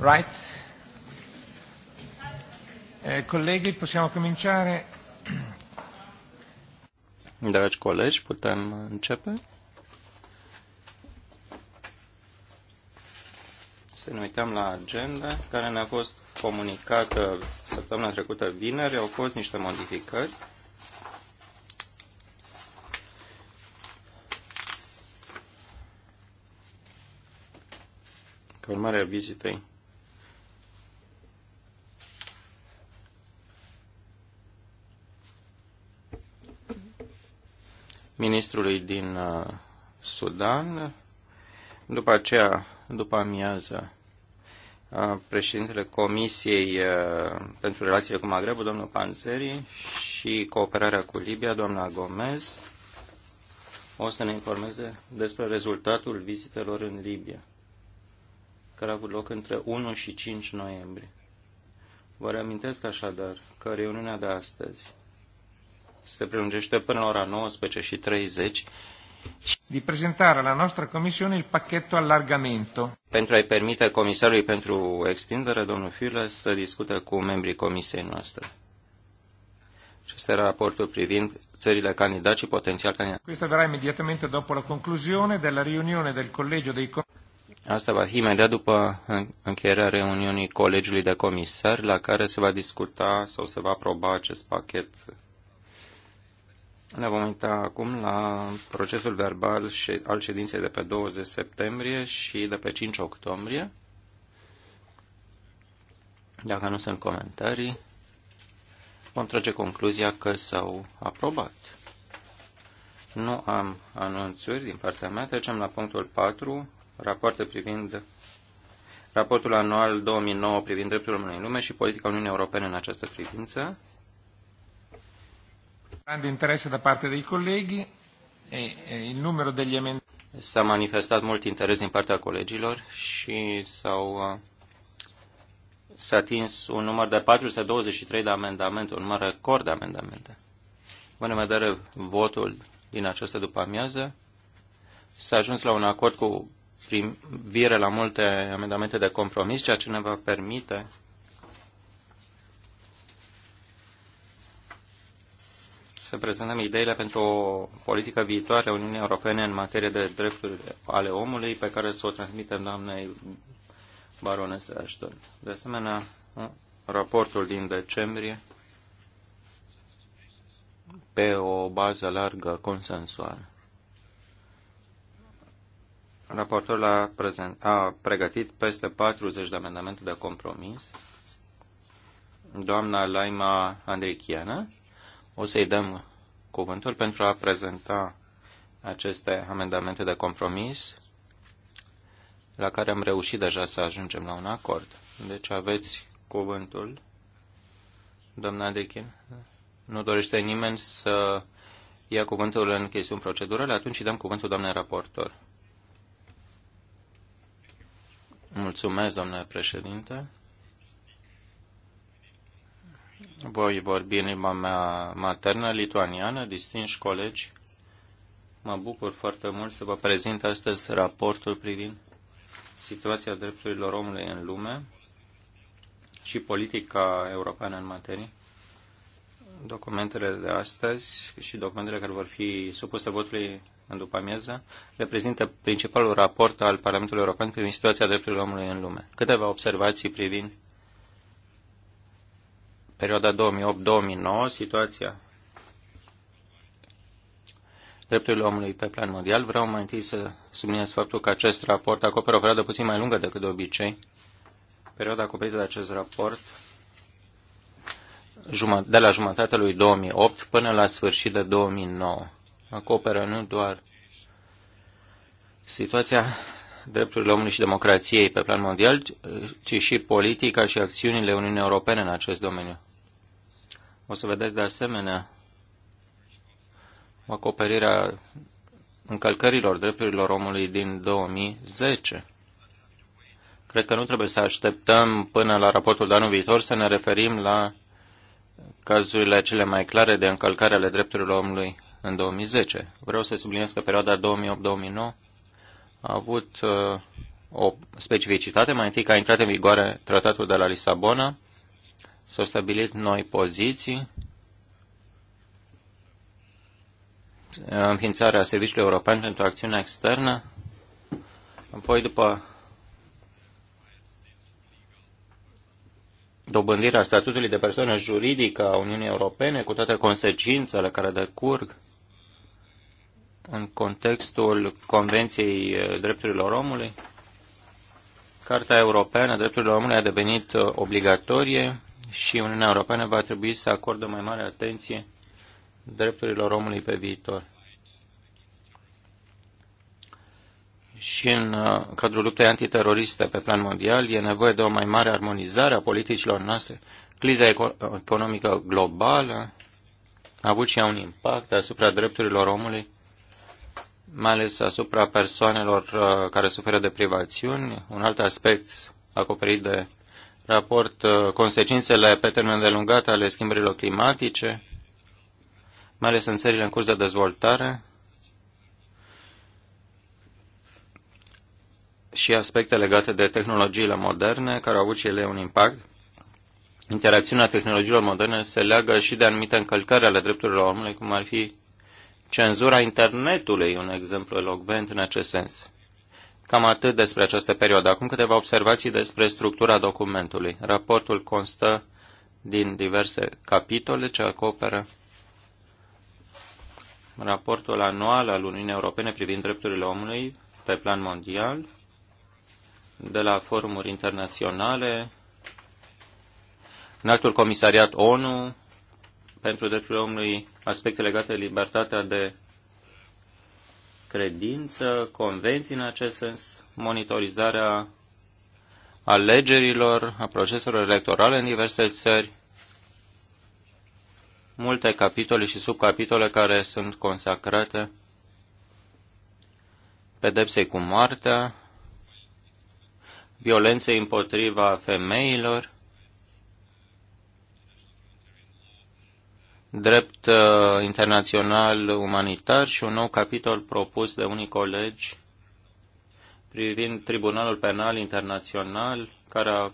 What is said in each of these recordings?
Right. Eh, colleghi, possiamo cominciare. Dragi colegi, putem începe? Să ne uităm la agenda care ne-a fost comunicată săptămâna trecută vineri. Au fost niște modificări. Ca urmare a vizitei ministrului din uh, Sudan. După aceea, după amiază, uh, președintele Comisiei uh, pentru Relațiile cu Magrebul, domnul Panzeri, și cooperarea cu Libia, doamna Gomez, o să ne informeze despre rezultatul vizitelor în Libia, care a avut loc între 1 și 5 noiembrie. Vă reamintesc așadar că reuniunea de astăzi se prelungește până la ora 19 și 30 di presentare alla nostra Commissione il pacchetto allargamento. Pentru a-i permite Comisarului pentru Extindere, domnul Fiule, să discute cu membrii Comisiei noastre. Acesta era raportul privind țările candidat și potențial candidat. Questo verrà immediatamente dopo la conclusione della riunione del Collegio dei Asta va fi imediat după încheierea reuniunii Colegiului de Comisari, la care se va discuta sau se va aproba acest pachet ne vom uita acum la procesul verbal al ședinței de pe 20 septembrie și de pe 5 octombrie. Dacă nu sunt comentarii, vom trage concluzia că s-au aprobat. Nu am anunțuri din partea mea. Trecem la punctul 4, rapoarte privind raportul anual 2009 privind drepturile omului în lume și politica Uniunii Europene în această privință. Grande interesse da parte dei colleghi e, e il numero degli emendamenti. S-a manifestat mult interes din partea colegilor și s-au uh, s-a atins un număr de 423 de amendamente, un număr record de amendamente. În vedere votul din această după amiază, s-a ajuns la un acord cu privire la multe amendamente de compromis, ceea ce ne va permite să prezentăm ideile pentru o politică viitoare a Uniunii Europene în materie de drepturi ale omului, pe care să o transmitem doamnei baronese Ashton. De asemenea, raportul din decembrie pe o bază largă consensuală. Raportorul a, prezent, a pregătit peste 40 de amendamente de compromis. Doamna Laima Andrichiana, o să-i dăm cuvântul pentru a prezenta aceste amendamente de compromis la care am reușit deja să ajungem la un acord. Deci aveți cuvântul, doamna Dechin. Nu dorește nimeni să ia cuvântul în chestiuni procedurale, atunci îi dăm cuvântul doamnei raportor. Mulțumesc, domnule președinte. Voi vorbi în limba mea maternă, lituaniană, distinși colegi. Mă bucur foarte mult să vă prezint astăzi raportul privind situația drepturilor omului în lume și politica europeană în materie. Documentele de astăzi și documentele care vor fi supuse votului în după amiază reprezintă principalul raport al Parlamentului European privind situația drepturilor omului în lume. Câteva observații privind perioada 2008-2009, situația drepturilor omului pe plan mondial, vreau mai întâi să subliniez faptul că acest raport acoperă o perioadă puțin mai lungă decât de obicei. Perioada acoperită de acest raport de la jumătatea lui 2008 până la sfârșit de 2009. Acoperă nu doar situația drepturilor omului și democrației pe plan mondial, ci și politica și acțiunile Uniunii Europene în acest domeniu. O să vedeți de asemenea o acoperire a încălcărilor drepturilor omului din 2010. Cred că nu trebuie să așteptăm până la raportul de anul viitor să ne referim la cazurile cele mai clare de încălcare ale drepturilor omului în 2010. Vreau să subliniez că perioada 2008-2009 a avut uh, o specificitate. Mai întâi că a intrat în vigoare tratatul de la Lisabona, S-au stabilit noi poziții, înființarea Serviciului European pentru Acțiunea Externă, apoi după dobândirea statutului de persoană juridică a Uniunii Europene, cu toate consecințele care decurg în contextul Convenției Drepturilor Omului, Carta Europeană a Drepturilor Omului a devenit obligatorie și Uniunea Europeană va trebui să acordă mai mare atenție drepturilor omului pe viitor. Și în uh, cadrul luptei antiteroriste pe plan mondial e nevoie de o mai mare armonizare a politicilor noastre. Criza economică globală a avut și ea un impact asupra drepturilor omului, mai ales asupra persoanelor uh, care suferă de privațiuni, un alt aspect acoperit de raport uh, consecințele pe termen lungat ale schimbărilor climatice, mai ales în țările în curs de dezvoltare, și aspecte legate de tehnologiile moderne, care au avut și ele un impact. Interacțiunea tehnologiilor moderne se leagă și de anumite încălcări ale drepturilor omului, cum ar fi cenzura internetului, un exemplu elocvent în acest sens. Cam atât despre această perioadă. Acum câteva observații despre structura documentului. Raportul constă din diverse capitole ce acoperă raportul anual al Uniunii Europene privind drepturile omului pe plan mondial, de la forumuri internaționale, actul comisariat ONU pentru drepturile omului, aspecte legate de libertatea de credință, convenții în acest sens, monitorizarea alegerilor, a proceselor electorale în diverse țări, multe capitole și subcapitole care sunt consacrate pedepsei cu moartea, violenței împotriva femeilor, drept uh, internațional umanitar și un nou capitol propus de unii colegi privind Tribunalul Penal Internațional, care a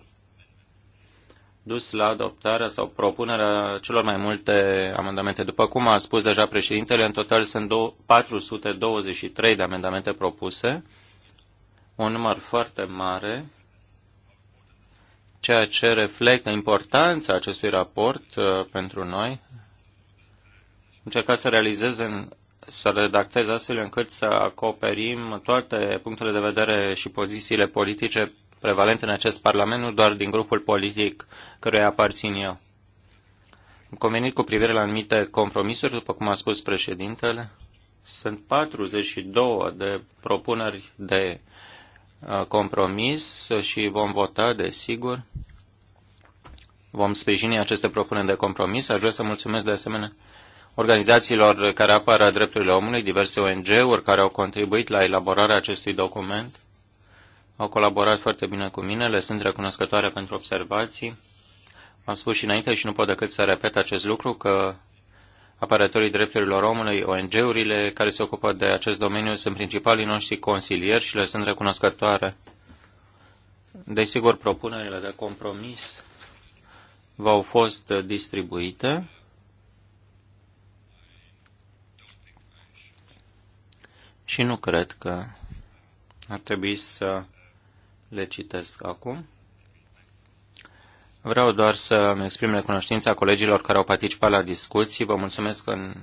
dus la adoptarea sau propunerea celor mai multe amendamente. După cum a spus deja președintele, în total sunt 423 de amendamente propuse, un număr foarte mare, ceea ce reflectă importanța acestui raport uh, pentru noi încerca să realizeze, să redacteze astfel încât să acoperim toate punctele de vedere și pozițiile politice prevalente în acest Parlament, nu doar din grupul politic căruia aparțin eu. Am convenit cu privire la anumite compromisuri, după cum a spus președintele. Sunt 42 de propuneri de uh, compromis și vom vota, desigur. Vom sprijini aceste propuneri de compromis. Aș vrea să mulțumesc de asemenea organizațiilor care apără drepturile omului, diverse ONG-uri care au contribuit la elaborarea acestui document. Au colaborat foarte bine cu mine, le sunt recunoscătoare pentru observații. Am spus și înainte și nu pot decât să repet acest lucru că apărătorii drepturilor omului, ONG-urile care se ocupă de acest domeniu sunt principalii noștri consilieri și le sunt recunoscătoare. Desigur, propunerile de compromis v-au fost distribuite. și nu cred că ar trebui să le citesc acum. Vreau doar să-mi exprim recunoștința colegilor care au participat la discuții. Vă mulțumesc în,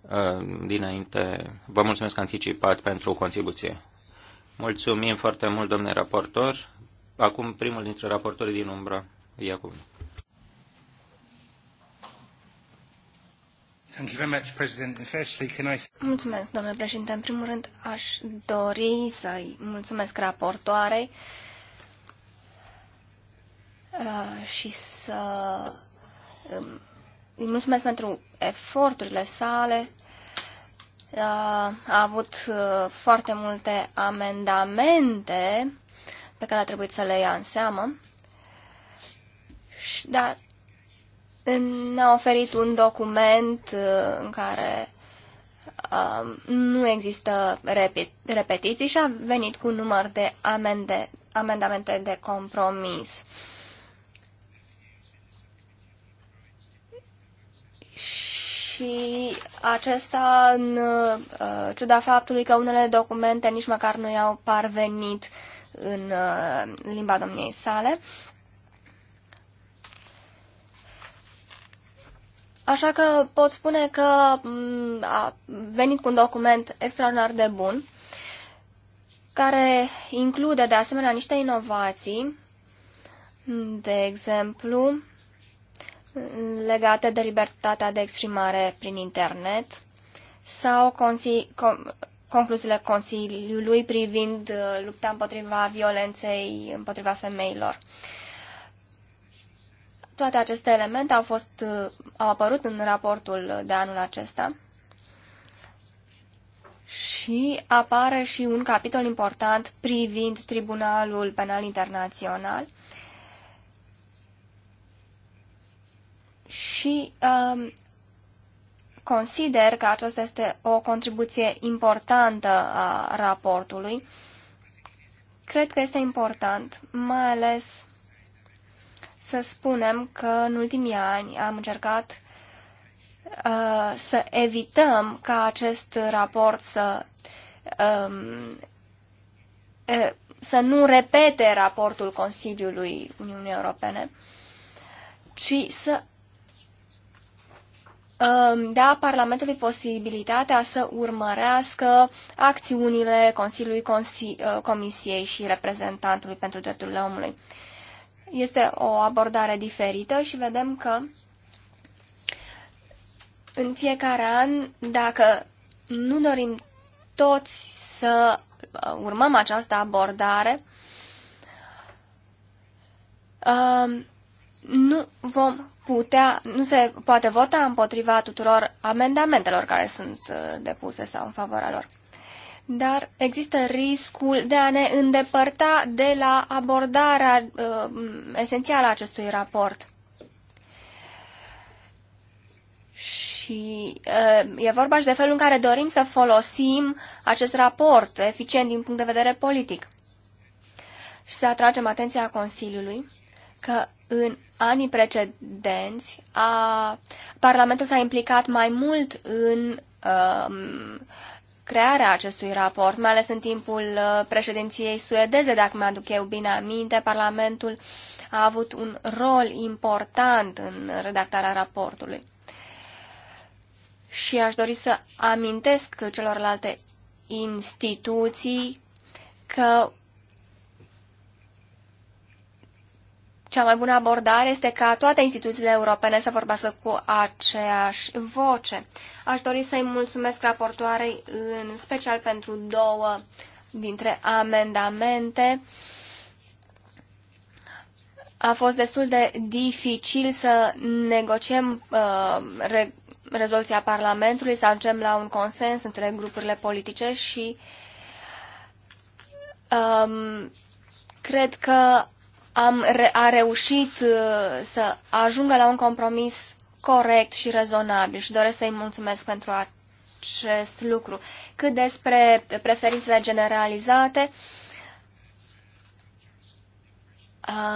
uh, dinainte, vă mulțumesc anticipat pentru contribuție. Mulțumim foarte mult, domnule raportor. Acum primul dintre raportorii din umbră ia cuvântul. Mulțumesc, domnule președinte. În primul rând, aș dori să-i mulțumesc raportoarei uh, și să um, îi mulțumesc pentru eforturile sale. Uh, a avut uh, foarte multe amendamente pe care a trebuit să le ia în seamă. Dar ne-a oferit un document uh, în care um, nu există repetiții și a venit cu număr de amende, amendamente de compromis. Și acesta, în uh, ciuda faptului că unele documente nici măcar nu i-au parvenit în uh, limba domniei sale, Așa că pot spune că mm, a venit cu un document extraordinar de bun, care include de asemenea niște inovații, de exemplu, legate de libertatea de exprimare prin internet sau concluziile Consiliului privind uh, lupta împotriva violenței împotriva femeilor. Uh, toate aceste elemente au, fost, uh, au apărut în raportul de anul acesta și apare și un capitol important privind Tribunalul Penal Internațional și um, consider că aceasta este o contribuție importantă a raportului. Cred că este important, mai ales să spunem că în ultimii ani am încercat uh, să evităm ca acest raport să, um, să nu repete raportul Consiliului Uniunii Europene, ci să da Parlamentului posibilitatea să urmărească acțiunile Consiliului uh, Comisiei și reprezentantului pentru drepturile omului este o abordare diferită și vedem că în fiecare an, dacă nu dorim toți să uh, urmăm această abordare, um, nu vom putea, nu se poate vota împotriva tuturor amendamentelor care sunt uh, depuse sau în favoarea lor dar există riscul de a ne îndepărta de la abordarea uh, esențială a acestui raport. Și uh, e vorba și de felul în care dorim să folosim acest raport eficient din punct de vedere politic. Și să atragem atenția Consiliului că în anii precedenți a, Parlamentul s-a implicat mai mult în uh, crearea acestui raport, mai ales în timpul uh, președinției suedeze, dacă mi-aduc eu bine aminte, Parlamentul a avut un rol important în redactarea raportului. Și aș dori să amintesc celorlalte instituții că Cea mai bună abordare este ca toate instituțiile europene să vorbească cu aceeași voce. Aș dori să-i mulțumesc raportoarei în special pentru două dintre amendamente. A fost destul de dificil să negociem uh, re rezoluția Parlamentului, să ajungem la un consens între grupurile politice și um, cred că am re- a reușit uh, să ajungă la un compromis corect și rezonabil și doresc să-i mulțumesc pentru acest lucru. Cât despre preferințele generalizate,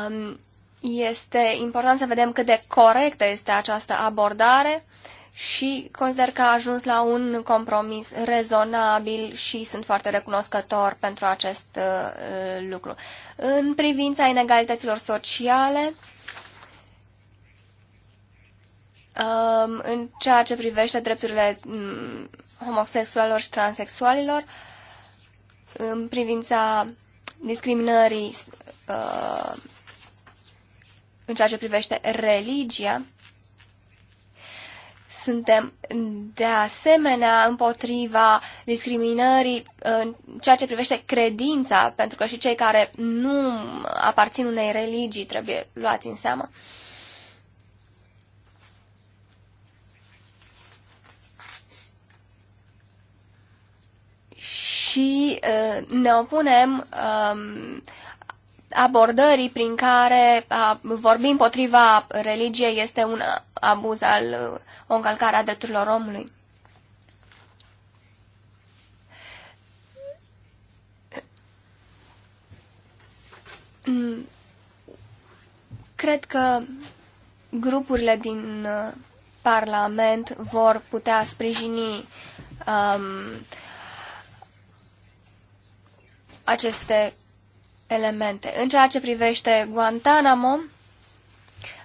um, este important să vedem cât de corectă este această abordare și consider că a ajuns la un compromis rezonabil și sunt foarte recunoscător pentru acest uh, lucru. În privința inegalităților sociale, um, în ceea ce privește drepturile um, homosexualilor și transexualilor, în privința discriminării uh, în ceea ce privește religia, suntem de asemenea împotriva discriminării în ceea ce privește credința, pentru că și cei care nu aparțin unei religii trebuie luați în seamă. Și uh, ne opunem uh, abordării prin care a vorbi împotriva religiei este un abuz al o încălcare a drepturilor omului. Cred că grupurile din uh, Parlament vor putea sprijini um, aceste elemente. În ceea ce privește Guantanamo,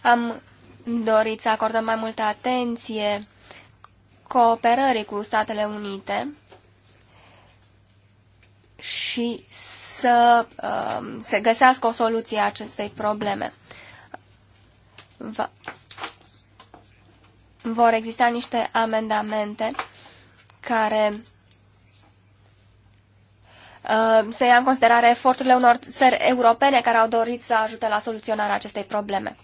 am dorit să acordăm mai multă atenție cooperării cu Statele Unite și să uh, se găsească o soluție a acestei probleme. Va... Vor exista niște amendamente care Uh, se ia în considerare eforturile unor țări europene care au dorit să ajute la soluționarea acestei probleme.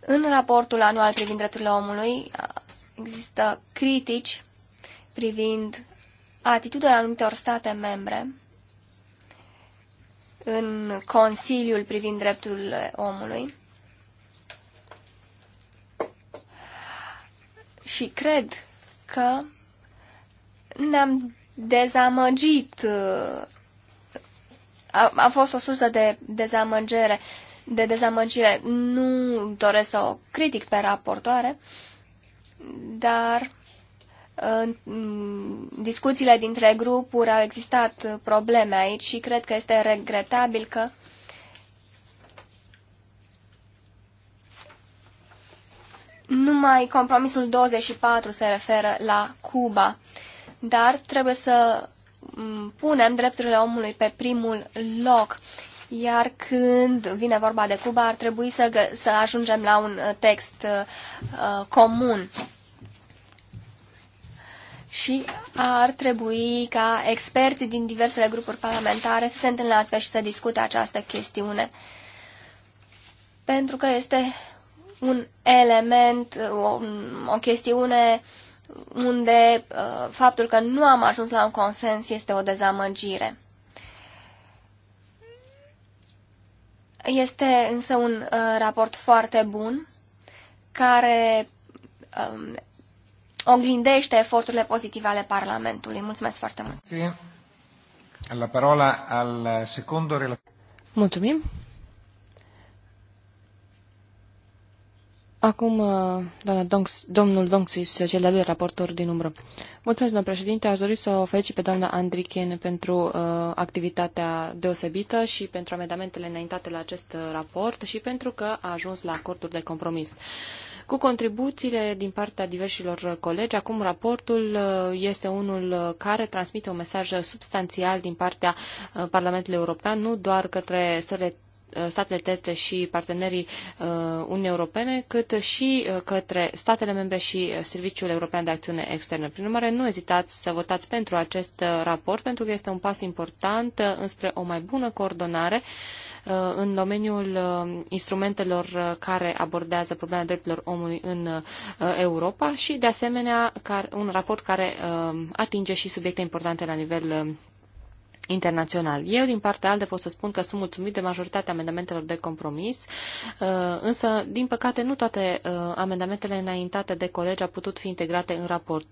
În raportul anual privind drepturile omului uh, există critici privind atitudinea anumitor state membre în Consiliul privind drepturile omului. Și cred că ne-am dezamăgit. A, a fost o sursă de dezamăgire, de dezamăgire. Nu doresc să o critic pe raportoare, dar în discuțiile dintre grupuri au existat probleme aici și cred că este regretabil că numai compromisul 24 se referă la Cuba dar trebuie să mm, punem drepturile omului pe primul loc. Iar când vine vorba de Cuba, ar trebui să, să ajungem la un uh, text uh, uh, comun. Și ar trebui ca experții din diversele grupuri parlamentare să se întâlnească și să discute această chestiune. Pentru că este un element, o, o chestiune uh, unde uh, faptul că nu am ajuns la un consens este o dezamăgire. Este însă un uh, raport foarte bun care um, oglindește eforturile pozitive ale Parlamentului. Mulțumesc foarte mult! La parola al uh, secondo Mulțumim! Acum, uh, doamna domnul Donxis, cel de-al doilea raportor din umbră. Mulțumesc, doamna președinte. Aș dori să o felicit pe doamna Andrichen pentru uh, activitatea deosebită și pentru amendamentele înaintate la acest uh, raport și pentru că a ajuns la acorduri de compromis. Cu contribuțiile din partea diversilor colegi, acum raportul uh, este unul care transmite un mesaj substanțial din partea Parlamentului European, nu doar către stările Uh, statele terțe și partenerii uh, Uniunii Europene, cât și uh, către statele membre și Serviciul European de Acțiune Externă. Prin urmare, nu ezitați să votați pentru acest raport, pentru că este un pas important înspre o mai bună coordonare în domeniul instrumentelor care abordează problema drepturilor omului în Europa și, de asemenea, un raport care atinge și subiecte importante la nivel internațional. Eu, din partea altă, pot să spun că sunt mulțumit de majoritatea amendamentelor de compromis, uh, însă, din păcate, nu toate uh, amendamentele înaintate de colegi au putut fi integrate în raport.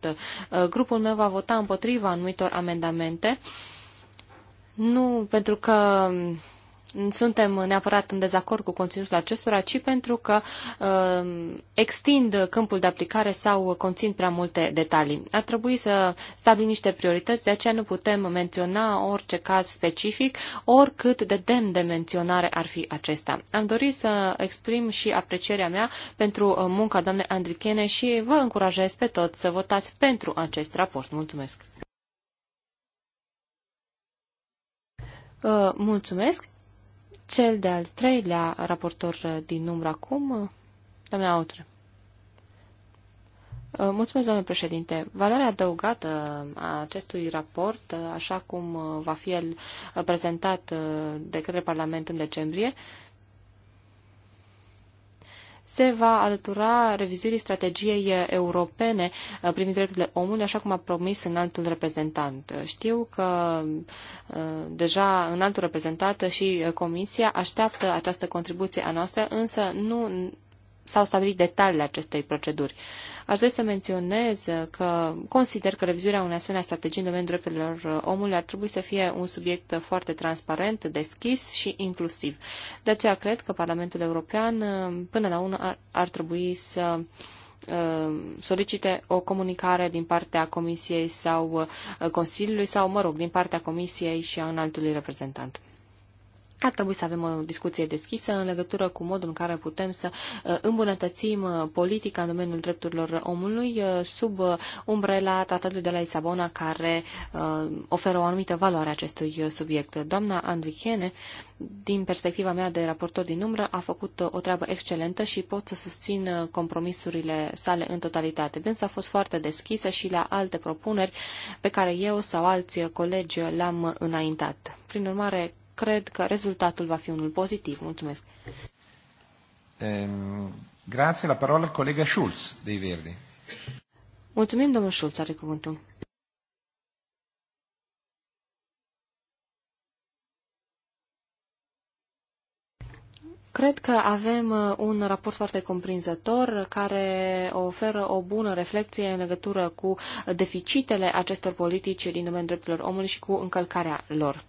Uh, grupul meu va vota împotriva anumitor amendamente, nu pentru că suntem neapărat în dezacord cu conținutul acestora, ci pentru că uh, extind câmpul de aplicare sau conțin prea multe detalii. Ar trebui să stabilim niște priorități, de aceea nu putem menționa orice caz specific, oricât de demn de menționare ar fi acesta. Am dorit să exprim și aprecierea mea pentru uh, munca doamnei Andrichene și vă încurajez pe toți să votați pentru acest raport. Mulțumesc! Uh, mulțumesc! cel de-al treilea raportor din număr acum, doamna Autre. Uh, mulțumesc, domnule președinte. Valoarea adăugată a acestui raport, uh, așa cum uh, va fi el prezentat de către Parlament în decembrie, se va alătura revizuirii strategiei europene uh, privind drepturile omului, așa cum a promis în altul reprezentant. Uh, știu că uh, deja în altul și Comisia așteaptă această contribuție a noastră, însă nu s-au stabilit detaliile acestei proceduri. Aș dori să menționez că consider că revizuirea unei asemenea strategii în domeniul drepturilor omului ar trebui să fie un subiect foarte transparent, deschis și inclusiv. De aceea cred că Parlamentul European până la unul ar, ar trebui să uh, solicite o comunicare din partea Comisiei sau uh, Consiliului sau, mă rog, din partea Comisiei și a înaltului reprezentant ar trebui să avem o discuție deschisă în legătură cu modul în care putem să uh, îmbunătățim uh, politica în domeniul drepturilor omului uh, sub umbrela tratatului de la Lisabona care oferă o anumită valoare acestui subiect. Doamna Andrichene, din perspectiva mea de raportor din umbră, a făcut o treabă excelentă și pot să susțin compromisurile sale în totalitate. Dânsa a fost foarte deschisă și la alte propuneri pe care eu sau alți colegi le-am înaintat. Prin urmare, cred că rezultatul va fi unul pozitiv. Mulțumesc. Um, grazie, la parola colega Schulz, dei Verdi. Mulțumim, domnul Schulz, are cuvântul. Cred că avem uh, un raport foarte comprinzător care oferă o bună reflexie în legătură cu deficitele acestor politici din domeniul drepturilor omului și cu încălcarea lor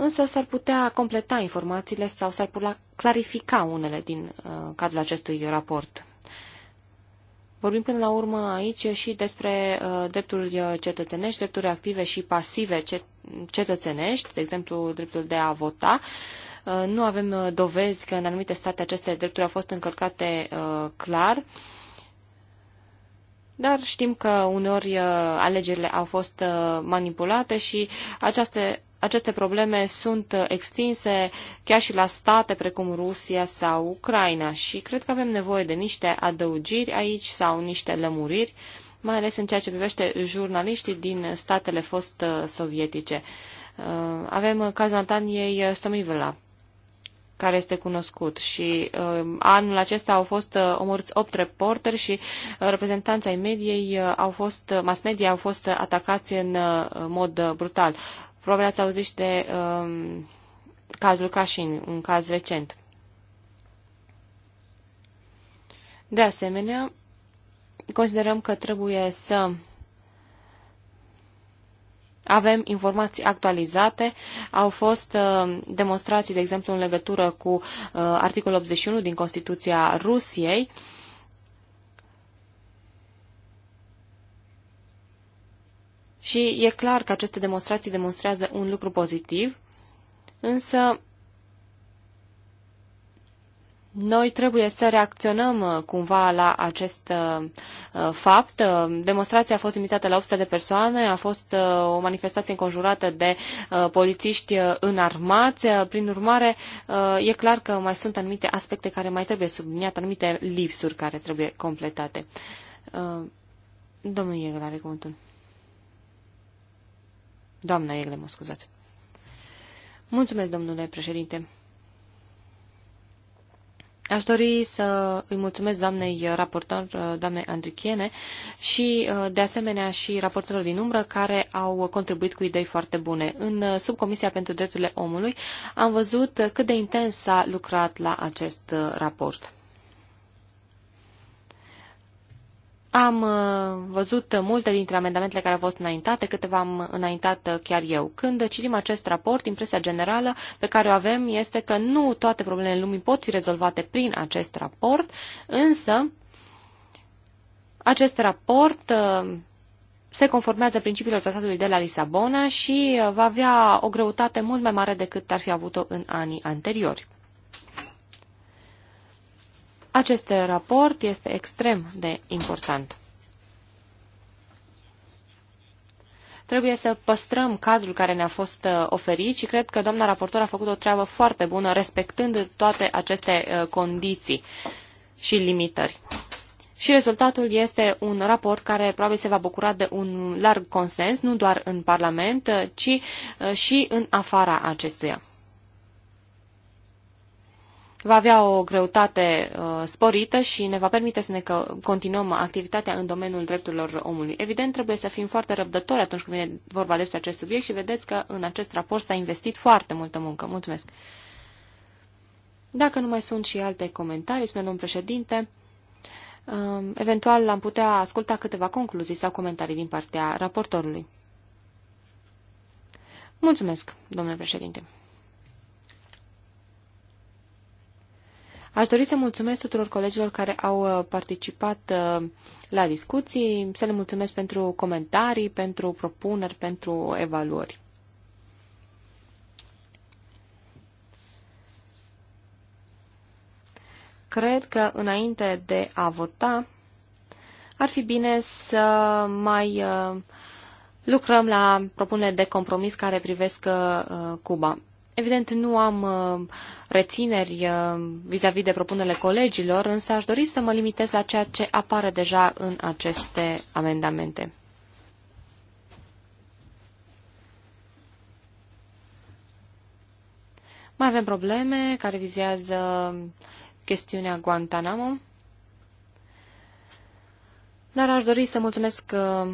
însă s-ar putea completa informațiile sau s-ar putea clarifica unele din uh, cadrul acestui raport. Vorbim până la urmă aici și despre uh, drepturi uh, cetățenești, drepturi active și pasive cet cetățenești, de exemplu dreptul de a vota. Uh, nu avem dovezi că în anumite state aceste drepturi au fost încălcate uh, clar, dar știm că uneori alegerile au fost manipulate și aceste aceste probleme sunt extinse chiar și la state precum Rusia sau Ucraina și cred că avem nevoie de niște adăugiri aici sau niște lămuriri, mai ales în ceea ce privește jurnaliștii din statele fost uh, sovietice. Uh, avem cazul Antaniei Stămivela, care este cunoscut și uh, anul acesta au fost uh, opt reporteri și uh, reprezentanța ai mediei uh, au fost, mass media au fost atacați în uh, mod uh, brutal. Probabil ați auzit și de um, cazul Cașin, un caz recent. De asemenea, considerăm că trebuie să avem informații actualizate. Au fost uh, demonstrații, de exemplu, în legătură cu uh, articolul 81 din Constituția Rusiei, uh, Și e clar că aceste demonstrații demonstrează un lucru pozitiv, însă noi trebuie să reacționăm uh, cumva la acest uh, uh, fapt. Demonstrația a fost limitată la 800 de persoane, a fost o manifestație înconjurată de polițiști înarmați. Prin urmare, e clar că mai sunt anumite aspecte care mai trebuie subliniate, anumite lipsuri care trebuie completate. Domnul Iegălare, cuvântul. Doamna Egle, mă scuzați. Mulțumesc, domnule președinte. Aș dori să îi mulțumesc doamnei raportor, doamnei Andrichiene și de asemenea și raportorilor din umbră care au contribuit cu idei foarte bune. În subcomisia pentru drepturile omului am văzut cât de intens s-a lucrat la acest raport. Am uh, văzut multe dintre amendamentele care au fost înaintate, câteva am înaintat uh, chiar eu. Când citim acest raport, impresia generală pe care o avem este că nu toate problemele lumii pot fi rezolvate prin acest raport, însă acest raport uh, se conformează principiilor tratatului de la Lisabona și va avea o greutate mult mai mare decât ar fi avut-o în anii anteriori. Acest raport este extrem de important. Trebuie să păstrăm cadrul care ne-a fost uh, oferit și cred că doamna raportor a făcut o treabă foarte bună respectând toate aceste uh, condiții și limitări. Și rezultatul este un raport care probabil se va bucura de un larg consens, nu doar în Parlament, uh, ci și în afara acestuia va avea o greutate uh, sporită și ne va permite să ne continuăm activitatea în domeniul drepturilor omului. Evident, trebuie să fim foarte răbdători atunci când vine vorba despre acest subiect și vedeți că în acest raport s-a investit foarte multă muncă. Mulțumesc! Dacă nu mai sunt și alte comentarii, spune domnul președinte, uh, eventual am putea asculta câteva concluzii sau comentarii din partea raportorului. Mulțumesc, domnule președinte! Aș dori să mulțumesc tuturor colegilor care au uh, participat uh, la discuții, să le mulțumesc pentru comentarii, pentru propuneri, pentru evaluări. Cred că înainte de a vota, ar fi bine să mai uh, lucrăm la propunerile de compromis care privesc Cuba. Evident, nu am uh, rețineri uh, vis-a-vis de propunerile colegilor, însă aș dori să mă limitez la ceea ce apare deja în aceste amendamente. Mai avem probleme care vizează chestiunea Guantanamo, dar aș dori să mulțumesc uh,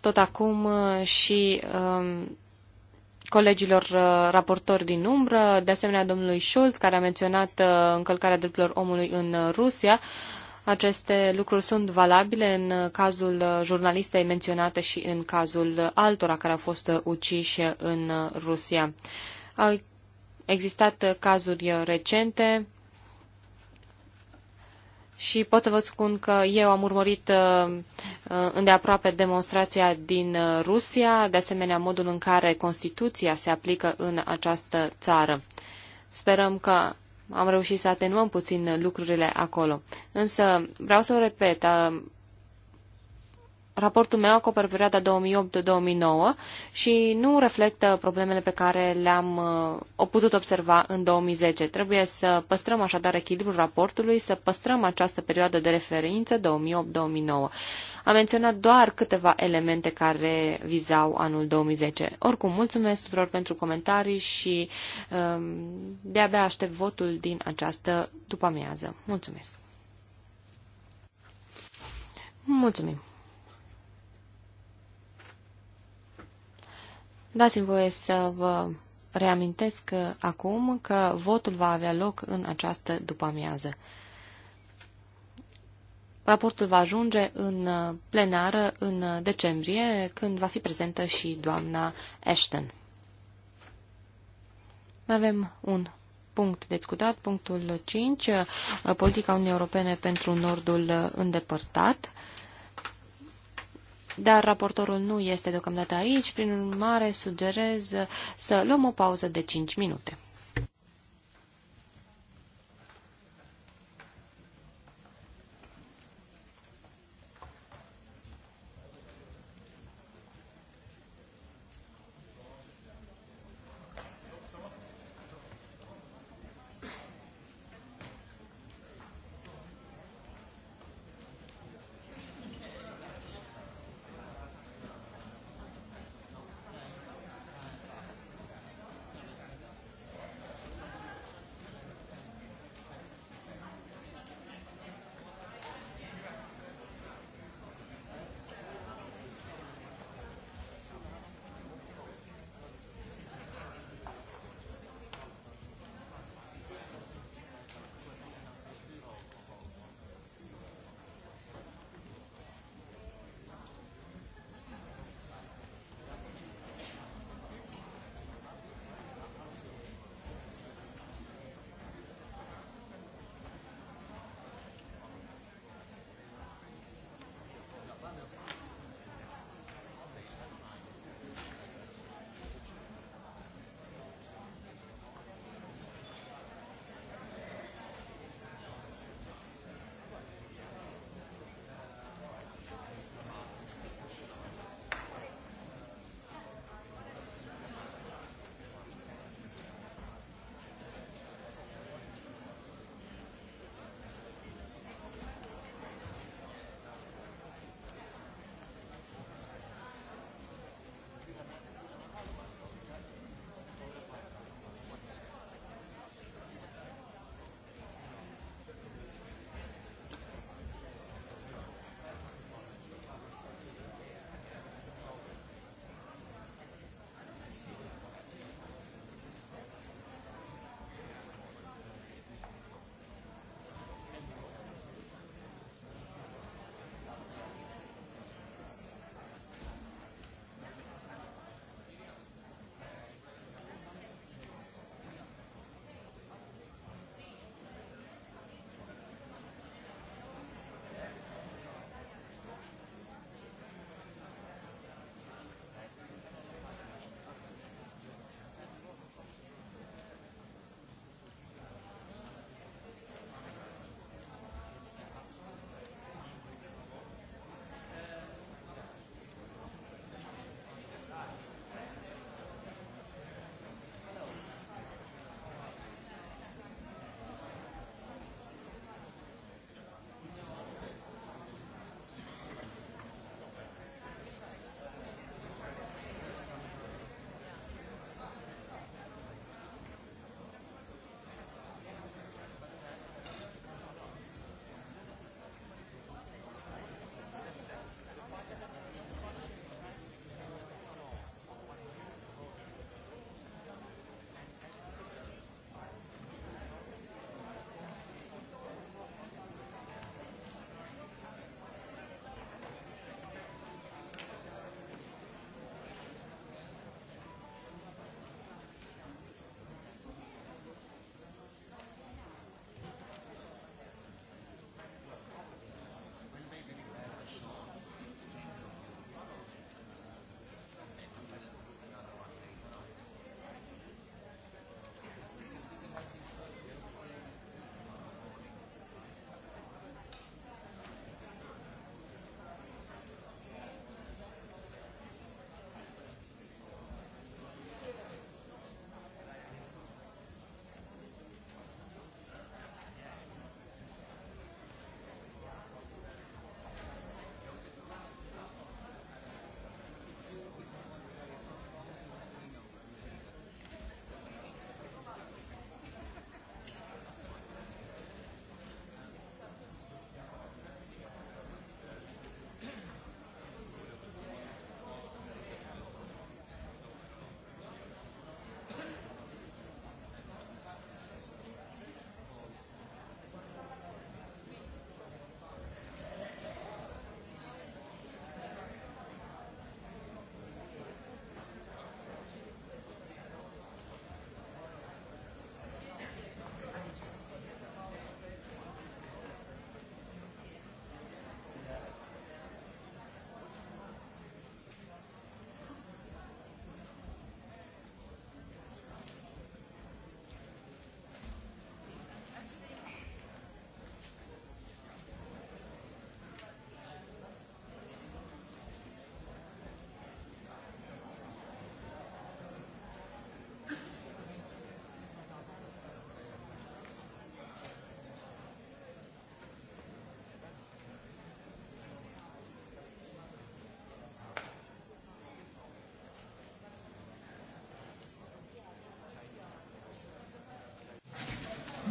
tot acum și um, colegilor uh, raportori din umbră, de asemenea domnului Schulz, care a menționat uh, încălcarea drepturilor omului în uh, Rusia. Aceste lucruri sunt valabile în cazul jurnalistei menționate și în cazul altora care au fost uciși în Rusia. Au existat cazuri recente și pot să vă spun că eu am urmărit uh, uh, îndeaproape demonstrația din uh, Rusia, de asemenea modul în care Constituția se aplică în această țară. Sperăm că am reușit să atenuăm puțin lucrurile acolo. Însă vreau să repet, Raportul meu acoperă perioada 2008-2009 și nu reflectă problemele pe care le-am uh, o putut observa în 2010. Trebuie să păstrăm așadar echilibrul raportului, să păstrăm această perioadă de referință 2008-2009. Am menționat doar câteva elemente care vizau anul 2010. Oricum, mulțumesc tuturor pentru comentarii și um, de-abia aștept votul din această după amiază. Mulțumesc! Mulțumim! Dați-mi voie să vă reamintesc acum că votul va avea loc în această după-amiază. Raportul va ajunge în plenară în decembrie, când va fi prezentă și doamna Ashton. Avem un punct de discutat, punctul 5, politica Uniunii Europene pentru Nordul îndepărtat dar raportorul nu este deocamdată aici, prin urmare sugerez să luăm o pauză de 5 minute.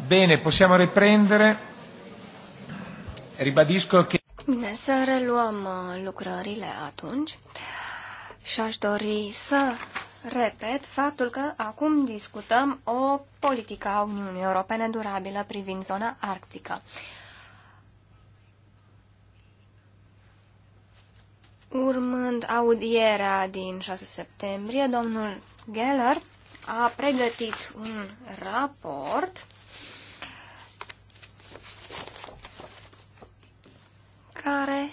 Bine, possiamo riprendere. Ribadisco che... Bine, să reluăm uh, lucrările atunci și aș dori să repet faptul că acum discutăm o politică a Uniunii Europene durabilă privind zona arctică. Urmând audierea din 6 septembrie, domnul Geller a pregătit un raport care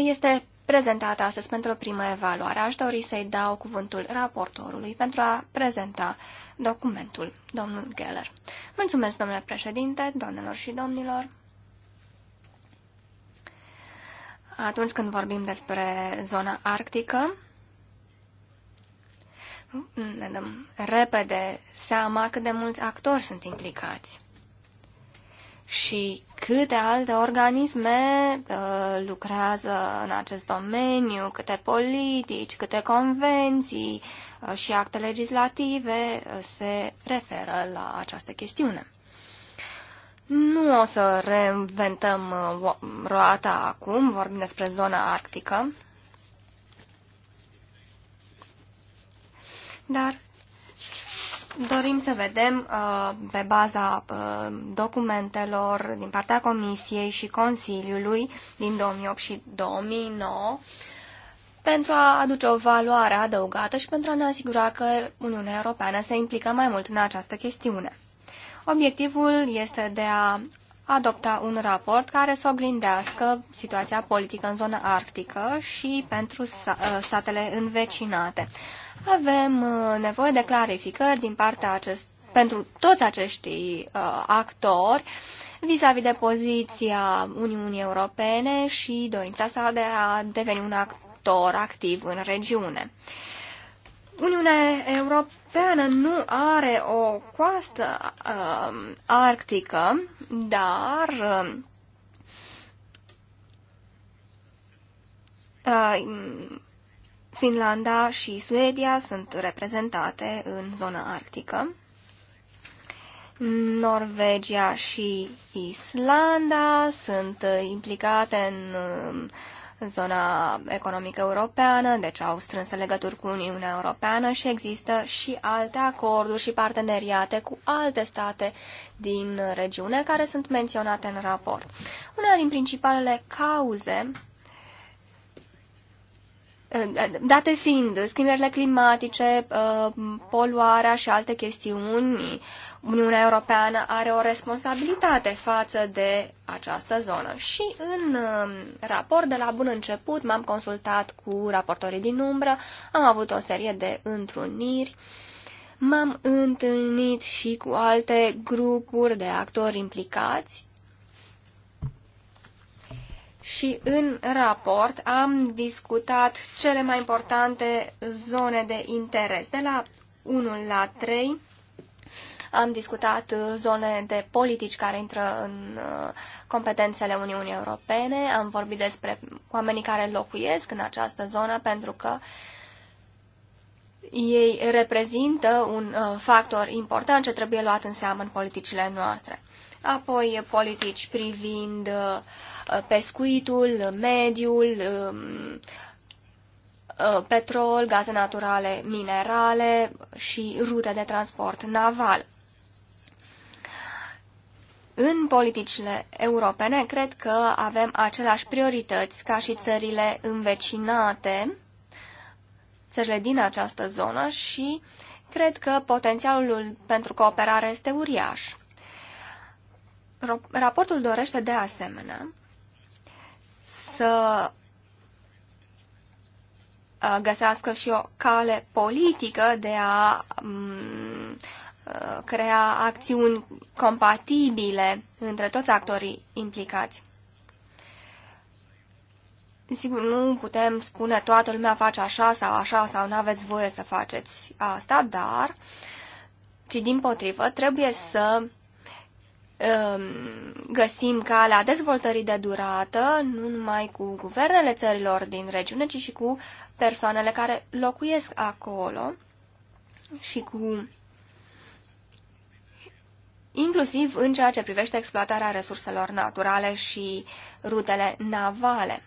este prezentată astăzi pentru o primă evaluare. Aș dori să-i dau cuvântul raportorului pentru a prezenta documentul, domnul Geller. Mulțumesc, domnule președinte, doamnelor și domnilor. Atunci când vorbim despre zona arctică, ne dăm repede seama cât de mulți actori sunt implicați și câte alte organisme uh, lucrează în acest domeniu, câte politici, câte convenții uh, și acte legislative uh, se referă la această chestiune. Nu o să reinventăm uh, roata acum, vorbim despre zona arctică, dar dorim să vedem uh, pe baza uh, documentelor din partea Comisiei și Consiliului din 2008 și 2009 pentru a aduce o valoare adăugată și pentru a ne asigura că Uniunea Europeană se implică mai mult în această chestiune. Obiectivul este de a adopta un raport care să oglindească situația politică în zona arctică și pentru uh, statele învecinate avem uh, nevoie de clarificări din partea acest, pentru toți acești uh, actori vis-a-vis -vis de poziția Uniunii Europene și dorința sa de a deveni un actor activ în regiune. Uniunea Europeană nu are o coastă uh, arctică, dar uh, uh Finlanda și Suedia sunt reprezentate în zona arctică. Norvegia și Islanda sunt implicate în zona economică europeană, deci au strânse legături cu Uniunea Europeană și există și alte acorduri și parteneriate cu alte state din regiune care sunt menționate în raport. Una din principalele cauze Date fiind schimbările climatice, uh, poluarea și alte chestiuni, Uniunea Europeană are o responsabilitate față de această zonă. Și în um, raport, de la bun început, m-am consultat cu raportorii din umbră, am avut o serie de întruniri, m-am întâlnit și cu alte grupuri de actori implicați și în raport am discutat cele mai importante zone de interes, de la 1 la 3. Am discutat uh, zone de politici care intră în uh, competențele Uniunii Europene, am vorbit despre oamenii care locuiesc în această zonă pentru că ei reprezintă un uh, factor important ce trebuie luat în seamă în politicile noastre apoi politici privind uh, pescuitul, mediul, um, uh, petrol, gaze naturale, minerale și rute de transport naval. În politicile europene, cred că avem aceleași priorități ca și țările învecinate, țările din această zonă și cred că potențialul pentru cooperare este uriaș. Raportul dorește de asemenea să uh, găsească și o cale politică de a mm, uh, crea acțiuni compatibile între toți actorii implicați. Sigur, nu putem spune toată lumea face așa sau așa sau nu aveți voie să faceți asta, dar, ci din potrivă, trebuie să Ehm, găsim calea dezvoltării de durată, nu numai cu guvernele țărilor din regiune, ci și cu persoanele care locuiesc acolo și cu inclusiv în ceea ce privește exploatarea resurselor naturale și rutele navale.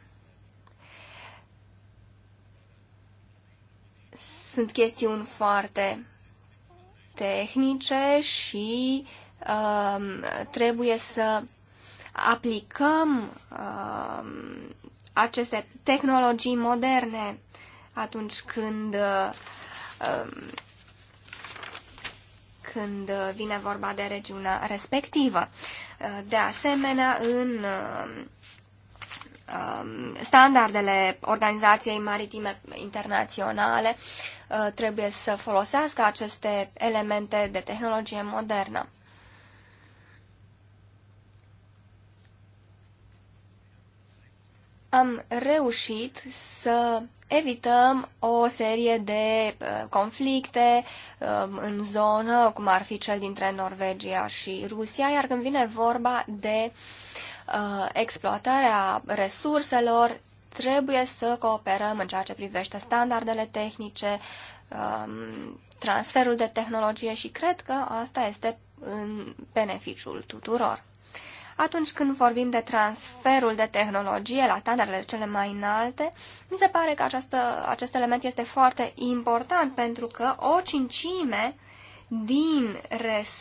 Sunt chestiuni foarte tehnice și uh, Um, trebuie să aplicăm um, aceste tehnologii moderne atunci când, um, când vine vorba de regiunea respectivă. Uh, de asemenea, în standardele Organizației Maritime Internaționale uh, trebuie să folosească aceste elemente de tehnologie modernă. am reușit să evităm o serie de uh, conflicte um, în zonă, cum ar fi cel dintre Norvegia și Rusia, iar când vine vorba de uh, exploatarea resurselor, trebuie să cooperăm în ceea ce privește standardele tehnice, um, transferul de tehnologie și cred că asta este în beneficiul tuturor atunci când vorbim de transferul de tehnologie la standardele cele mai înalte, mi se pare că această, acest element este foarte important pentru că o cincime din, res,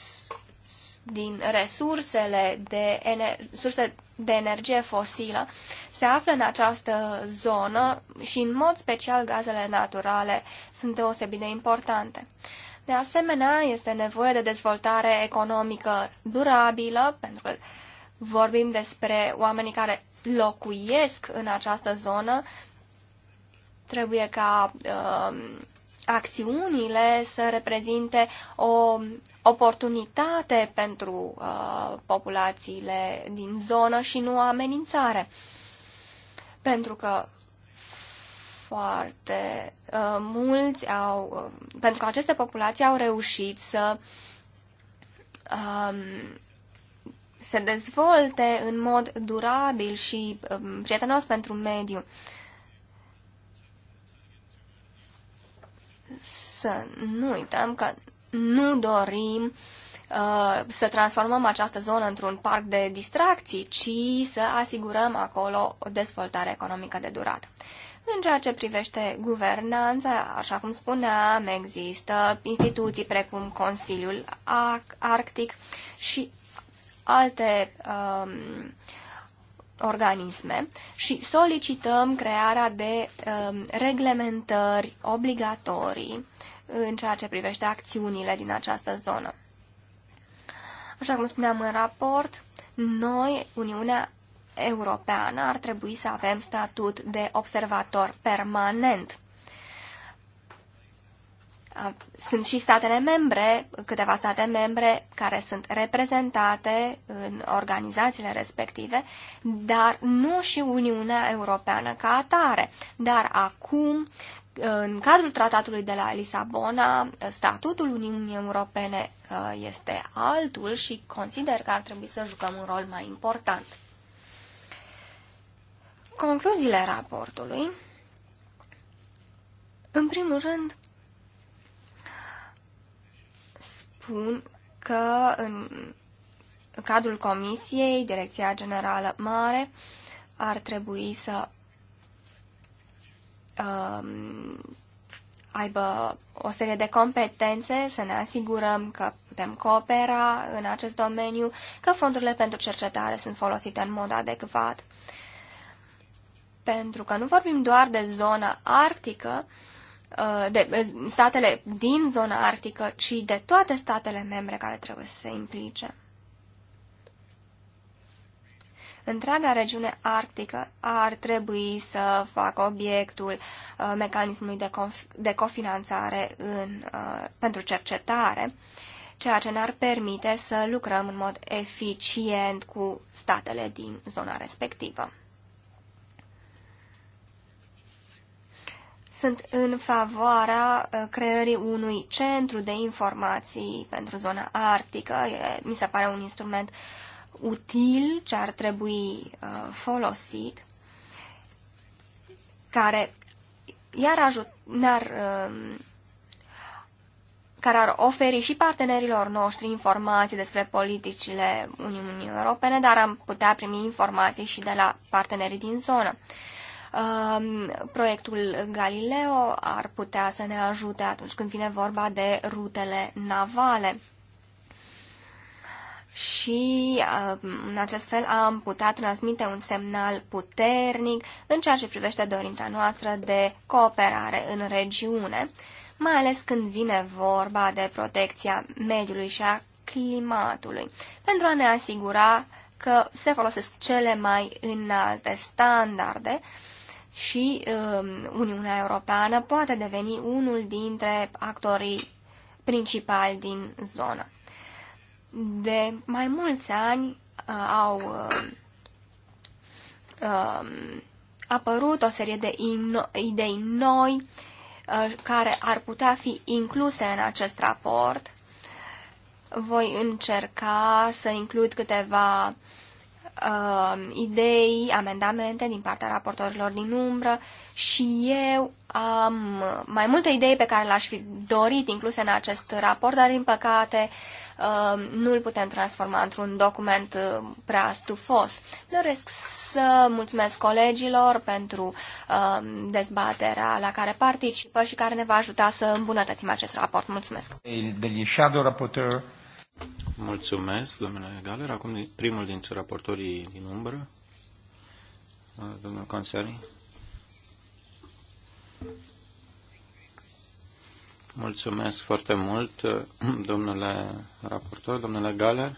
din resursele de, ener, surse de energie fosilă se află în această zonă și în mod special gazele naturale sunt deosebit de importante. De asemenea, este nevoie de dezvoltare economică durabilă, pentru că vorbim despre oamenii care locuiesc în această zonă, trebuie ca uh, acțiunile să reprezinte o oportunitate pentru uh, populațiile din zonă și nu o amenințare. Pentru că foarte uh, mulți au, uh, pentru că aceste populații au reușit să um, se dezvolte în mod durabil și um, prietenos pentru mediu. Să nu uităm că nu dorim uh, să transformăm această zonă într-un parc de distracții, ci să asigurăm acolo o dezvoltare economică de durată. În ceea ce privește guvernanța, așa cum spuneam, există instituții precum Consiliul Arctic și alte um, organisme și solicităm crearea de um, reglementări obligatorii în ceea ce privește acțiunile din această zonă. Așa cum spuneam în raport, noi, Uniunea Europeană, ar trebui să avem statut de observator permanent sunt și statele membre, câteva state membre care sunt reprezentate în organizațiile respective, dar nu și Uniunea Europeană ca atare. Dar acum, în cadrul tratatului de la Lisabona, statutul Uniunii Europene uh, este altul și consider că ar trebui să jucăm un rol mai important. Concluziile raportului. În primul rând, spun că în cadrul comisiei, Direcția Generală Mare, ar trebui să um, aibă o serie de competențe, să ne asigurăm că putem coopera în acest domeniu, că fondurile pentru cercetare sunt folosite în mod adecvat. Pentru că nu vorbim doar de zona arctică, Uh, de uh, statele din zona arctică, ci de toate statele membre care trebuie să se implice. Întreaga regiune arctică ar trebui să facă obiectul uh, mecanismului de, de cofinanțare în, pentru cercetare, ceea ce ne-ar permite să lucrăm în mod eficient cu statele din zona respectivă. sunt în favoarea uh, creării unui centru de informații pentru zona arctică. Mi se pare un instrument util ce ar trebui uh, folosit, care iar ajut, ar um, care ar oferi și partenerilor noștri informații despre politicile Uniunii Europene, dar am putea primi informații și de la partenerii din zonă. Um, proiectul Galileo ar putea să ne ajute atunci când vine vorba de rutele navale. Și um, în acest fel am putea transmite un semnal puternic în ceea ce privește dorința noastră de cooperare în regiune, mai ales când vine vorba de protecția mediului și a climatului, pentru a ne asigura că se folosesc cele mai înalte standarde uh, și um, Uniunea Europeană poate deveni unul dintre actorii principali din zonă. De mai mulți ani uh, au um, uh, apărut o serie de idei noi uh, care ar putea fi incluse în acest raport. Voi încerca să includ câteva uh, idei, amendamente din partea raportorilor din umbră și eu am mai multe idei pe care le-aș fi dorit incluse în acest raport, dar din păcate uh, um, nu îl putem transforma într-un document um, prea stufos. Doresc să mulțumesc colegilor pentru uh, dezbaterea la care participă și care ne va ajuta să îmbunătățim acest raport. Mulțumesc! Mulțumesc, domnule Galer. Acum primul dintre raportorii din umbră, domnul Consari. Mulțumesc foarte mult, domnule raportor, domnule Galer.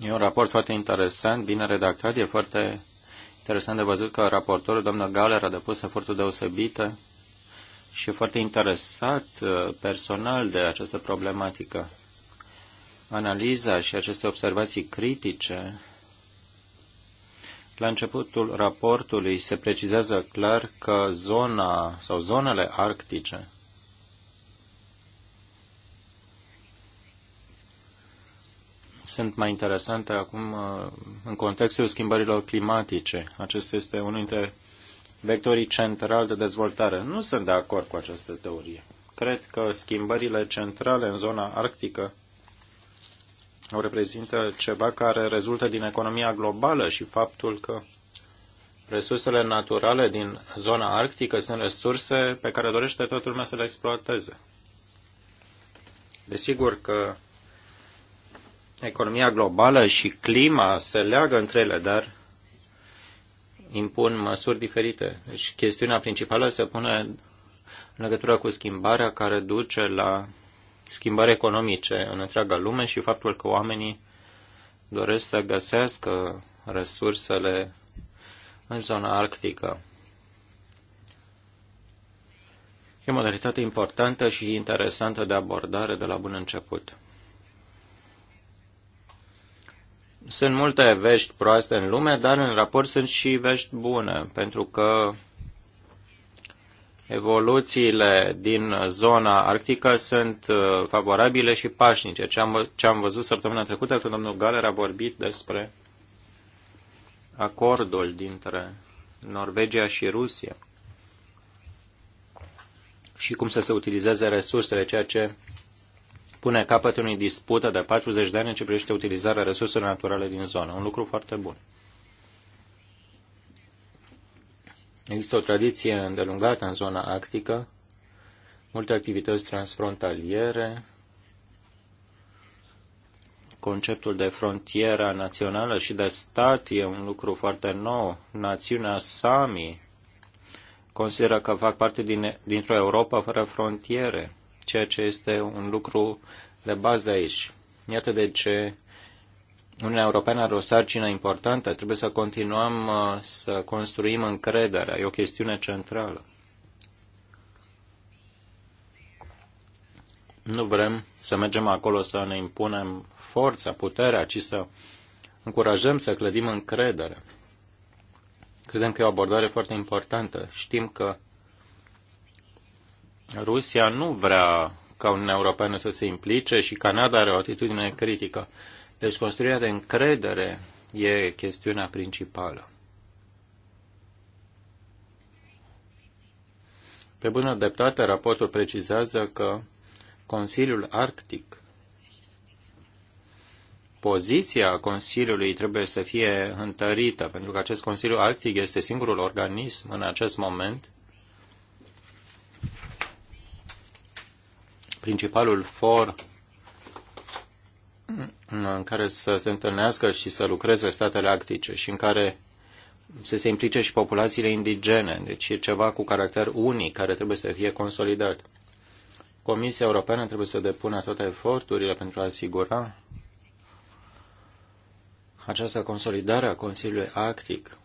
E un raport foarte interesant, bine redactat, e foarte interesant de văzut că raportorul, domnul Galer, a depus efortul deosebită și foarte interesat uh, personal de această problematică. Analiza și aceste observații critice la începutul raportului se precizează clar că zona sau zonele arctice sunt mai interesante acum uh, în contextul schimbărilor climatice. Acesta este unul dintre vectorii centrali de dezvoltare. Nu sunt de acord cu această teorie. Cred că schimbările centrale în zona arctică o reprezintă ceva care rezultă din economia globală și faptul că resursele naturale din zona arctică sunt resurse pe care dorește toată lumea să le exploateze. Desigur că economia globală și clima se leagă între ele, dar impun măsuri diferite. Deci chestiunea principală se pune în legătură cu schimbarea care duce la schimbări economice în întreaga lume și faptul că oamenii doresc să găsească resursele în zona arctică. E o modalitate importantă și interesantă de abordare de la bun început. Sunt multe vești proaste în lume, dar în raport sunt și vești bune, pentru că evoluțiile din zona arctică sunt uh, favorabile și pașnice. Ce am, ce am văzut săptămâna trecută când domnul Galer a vorbit despre acordul dintre Norvegia și Rusia și cum să se utilizeze resursele, ceea ce pune capăt unei dispute de 40 de ani în ce privește utilizarea resurselor naturale din zonă. Un lucru foarte bun. Există o tradiție îndelungată în zona arctică, multe activități transfrontaliere, conceptul de frontiera națională și de stat e un lucru foarte nou. Națiunea Sami consideră că fac parte din, dintr-o Europa fără frontiere ceea ce este un lucru de bază aici. Iată de ce Uniunea Europeană are o sarcină importantă, trebuie să continuăm uh, să construim încrederea, e o chestiune centrală. Nu vrem să mergem acolo să ne impunem forța, puterea, ci să încurajăm să clădim încredere. Credem că e o abordare foarte importantă. Știm că Rusia nu vrea ca Uniunea Europeană să se implice și Canada are o atitudine critică. Deci construirea de încredere e chestiunea principală. Pe bună dreptate, raportul precizează că Consiliul Arctic, poziția Consiliului trebuie să fie întărită, pentru că acest Consiliu Arctic este singurul organism în acest moment principalul for în care să se întâlnească și să lucreze statele actice și în care să se implice și populațiile indigene. Deci e ceva cu caracter unic care trebuie să fie consolidat. Comisia Europeană trebuie să depună toate eforturile pentru a asigura această consolidare a Consiliului Arctic.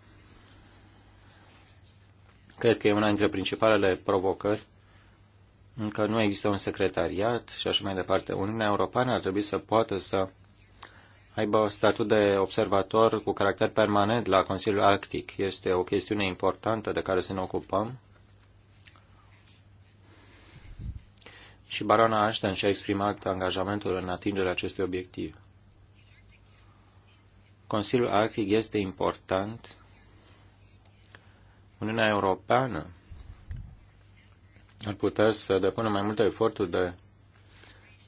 Cred că e una dintre principalele provocări încă nu există un secretariat și așa mai departe. Uniunea Europeană ar trebui să poată să aibă statut de observator cu caracter permanent la Consiliul Arctic. Este o chestiune importantă de care să ne ocupăm. Și barona Ashton și-a exprimat angajamentul în atingerea acestui obiectiv. Consiliul Arctic este important. Uniunea Europeană ar putea să depună mai multe eforturi de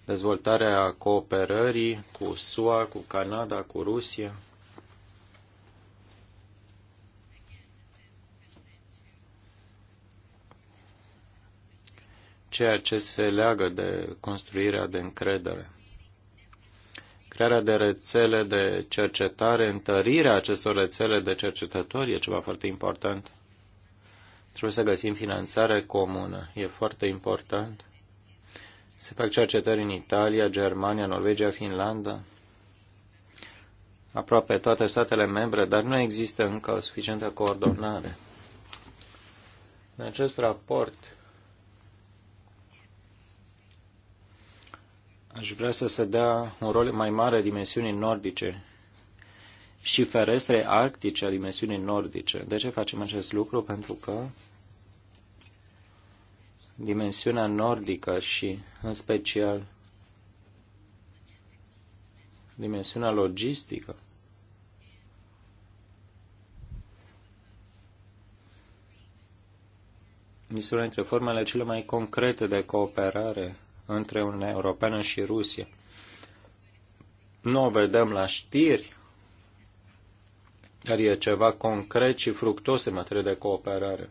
dezvoltare a cooperării cu SUA, cu Canada, cu Rusia. ceea ce se leagă de construirea de încredere. Crearea de rețele de cercetare, întărirea acestor rețele de cercetători e ceva foarte important. Trebuie să găsim finanțare comună. E foarte important. Se fac cercetări în Italia, Germania, Norvegia, Finlanda, aproape toate statele membre, dar nu există încă o suficientă coordonare. În acest raport aș vrea să se dea un rol mai mare dimensiunii nordice și ferestre arctice a dimensiunii nordice. De ce facem acest lucru? Pentru că dimensiunea nordică și, în special, dimensiunea logistică. Este una dintre formele cele mai concrete de cooperare între Uniunea Europeană și Rusia. Nu o vedem la știri, dar e ceva concret și fructos în materie de cooperare.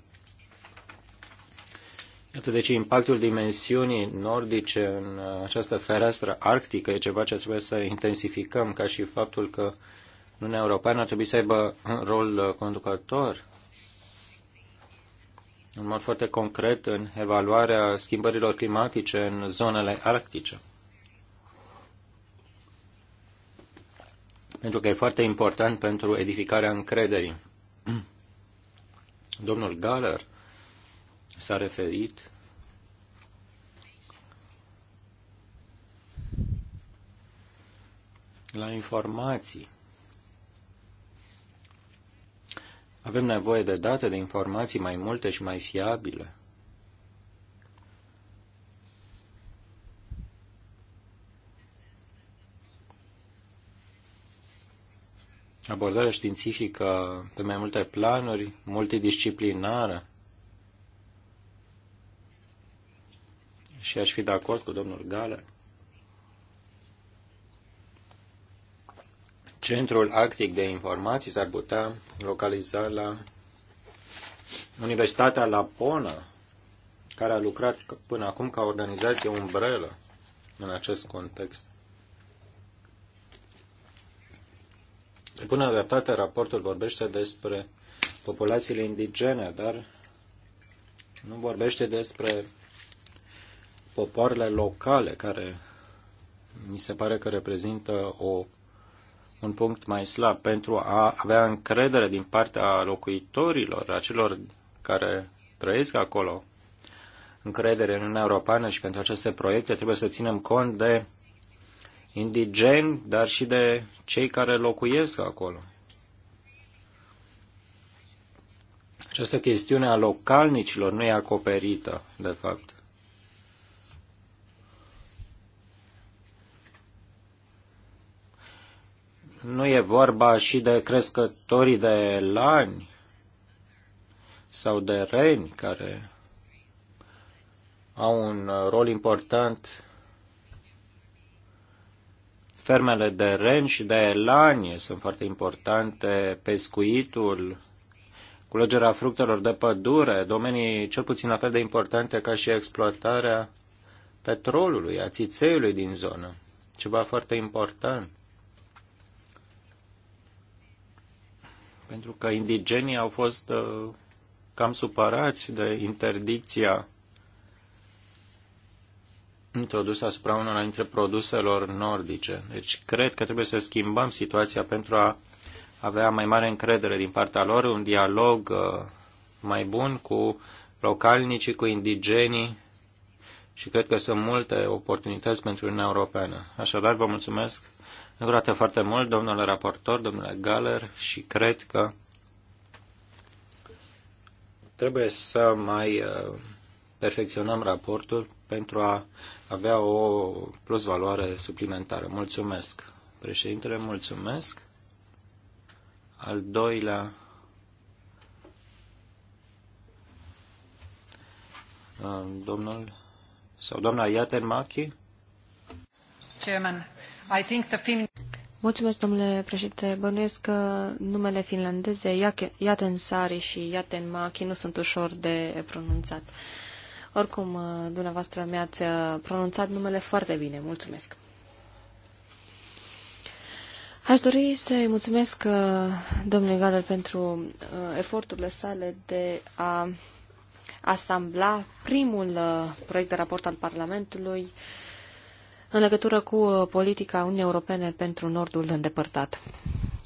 Iată deci impactul dimensiunii nordice în uh, această fereastră arctică e ceva ce trebuie să intensificăm, ca și faptul că Uniunea Europeană ar trebui să aibă un rol uh, conducător în mod foarte concret în evaluarea schimbărilor climatice în zonele arctice. Pentru că e foarte important pentru edificarea încrederii. Domnul Galler s-a referit la informații. Avem nevoie de date, de informații mai multe și mai fiabile. Abordarea științifică pe mai multe planuri, multidisciplinară, și aș fi de acord cu domnul Gală. Centrul Arctic de Informații s-ar putea localiza la Universitatea Lapona, care a lucrat până acum ca organizație umbrelă în acest context. Până dreptate, raportul vorbește despre populațiile indigene, dar nu vorbește despre popoarele locale, care mi se pare că reprezintă o, un punct mai slab, pentru a avea încredere din partea locuitorilor, a celor care trăiesc acolo, încredere în Uniunea Europeană și pentru aceste proiecte trebuie să ținem cont de indigeni, dar și de cei care locuiesc acolo. Această chestiune a localnicilor nu e acoperită, de fapt. Nu e vorba și de crescătorii de lani sau de reni care au un rol important fermele de ren și de elani sunt foarte importante, pescuitul, culegerea fructelor de pădure, domenii cel puțin la fel de importante ca și exploatarea petrolului, a țițeiului din zonă, ceva foarte important. pentru că indigenii au fost uh, cam supărați de interdicția introdusă asupra unora dintre produselor nordice. Deci cred că trebuie să schimbăm situația pentru a avea mai mare încredere din partea lor, un dialog uh, mai bun cu localnicii, cu indigenii și cred că sunt multe oportunități pentru Uniunea Europeană. Așadar, vă mulțumesc încă foarte mult, domnule raportor, domnule Galer, și cred că trebuie să mai uh, perfecționăm raportul pentru a avea o plus valoare suplimentară. Mulțumesc, președintele, mulțumesc. Al doilea uh, domnul sau doamna Iaten Machi. Chairman, Mulțumesc, domnule președinte. Bănuiesc că numele finlandeze Sari și Iatenmaki nu sunt ușor de pronunțat. Oricum, uh, dumneavoastră mi-ați uh, pronunțat numele foarte bine. Mulțumesc. Aș dori să-i mulțumesc uh, domnului Gadel pentru eforturile sale de a asambla primul proiect de raport al Parlamentului uh, în legătură cu uh, politica Uniunii Europene pentru Nordul îndepărtat.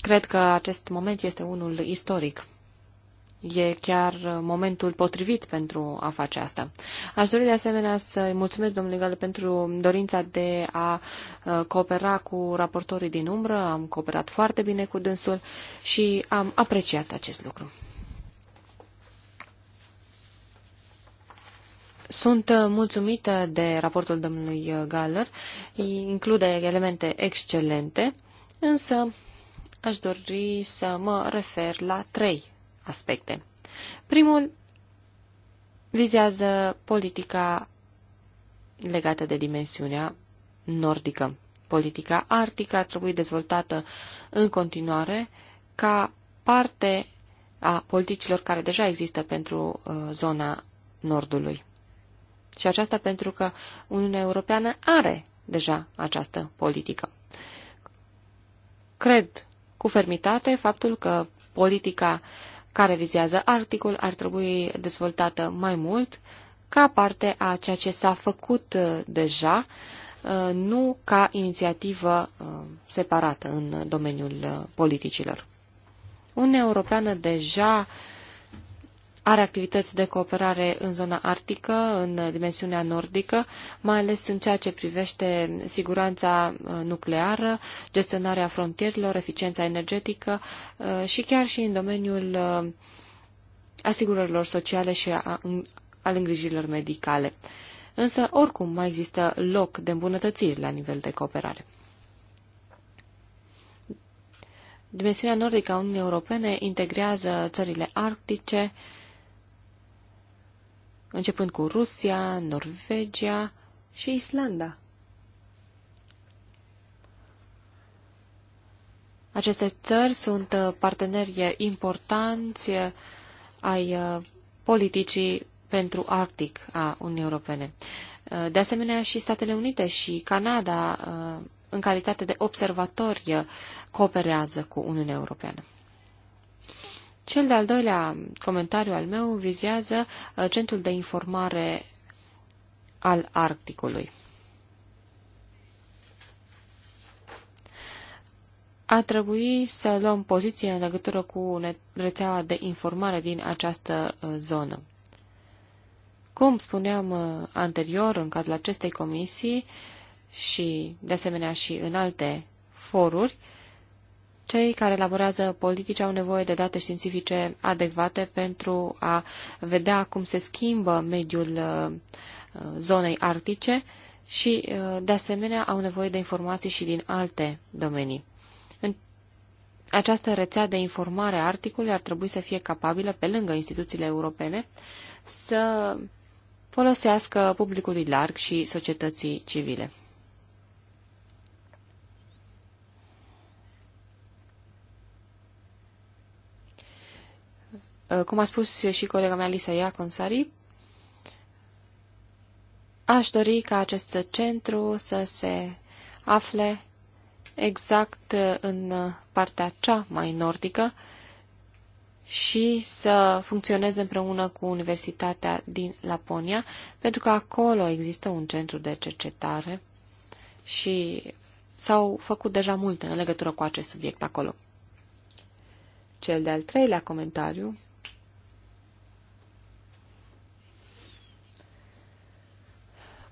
Cred că acest moment este unul istoric. E chiar uh, momentul potrivit pentru a face asta. Aș dori de asemenea să-i mulțumesc, domnule Gale, pentru dorința de a uh, coopera cu raportorii din umbră. Am cooperat foarte bine cu dânsul și am apreciat acest lucru. Sunt uh, mulțumită de raportul domnului uh, Galler. Include elemente excelente, însă aș dori să mă refer la trei aspecte. Primul vizează politica legată de dimensiunea nordică. Politica arctică ar trebui dezvoltată în continuare ca parte a politicilor care deja există pentru uh, zona nordului. Și aceasta pentru că Uniunea Europeană are deja această politică. Cred cu fermitate faptul că politica care vizează Arcticul ar trebui dezvoltată mai mult ca parte a ceea ce s-a făcut uh, deja, uh, nu ca inițiativă uh, separată în domeniul politicilor. Uniunea Europeană deja uh, are activități de cooperare în zona arctică, în dimensiunea nordică, mai ales în ceea ce privește siguranța uh, nucleară, gestionarea frontierilor, eficiența energetică uh, și chiar și în domeniul uh, asigurărilor sociale și a, al îngrijirilor medicale. Însă, oricum, mai există loc de îmbunătățiri la nivel de cooperare. Dimensiunea nordică a Uniunii Europene integrează țările arctice, uh, începând cu Rusia, Norvegia și Islanda. Aceste țări sunt uh, parteneri importanți uh, ai uh, politicii pentru Arctic a Uniunii Europene. De asemenea, și Statele Unite și Canada, în calitate de observatori, cooperează cu Uniunea Europeană. Cel de-al doilea comentariu al meu vizează uh, centrul de informare al Arcticului. a trebui să luăm poziție în legătură cu rețeaua de informare din această uh, zonă. Cum spuneam uh, anterior, în cadrul acestei comisii și, de asemenea, și în alte foruri, uh, cei care elaborează politici au nevoie de date științifice adecvate pentru a vedea cum se schimbă mediul uh, zonei arctice și, uh, de asemenea, au nevoie de informații și din alte domenii. această rețea de informare a articului ar trebui să fie capabilă, pe lângă instituțiile europene, să folosească publicului larg și societății civile. Uh, cum a spus și colega mea Lisa Iaconsari, aș dori ca acest centru să se afle exact uh, în partea cea mai nordică și să funcționeze împreună cu Universitatea din Laponia, pentru că acolo există un centru de cercetare și s-au făcut deja multe în legătură cu acest subiect acolo. Cel de-al treilea comentariu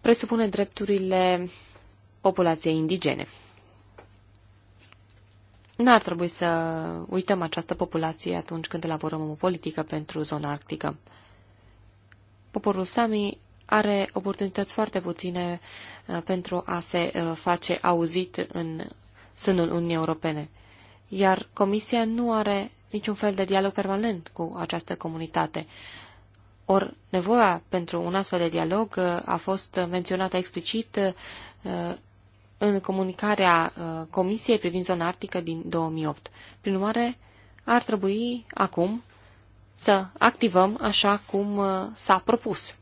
presupune drepturile populației indigene. N-ar trebui să uităm această populație atunci când elaborăm o politică pentru zona arctică. Poporul Sami are oportunități foarte puține uh, pentru a se uh, face auzit în sânul Uniunii Europene, iar Comisia nu are niciun fel de dialog permanent cu această comunitate. Or, nevoia pentru un astfel de dialog uh, a fost menționată explicit uh, în comunicarea uh, Comisiei privind zona arctică din 2008. Prin urmare, ar trebui acum să activăm așa cum s-a propus.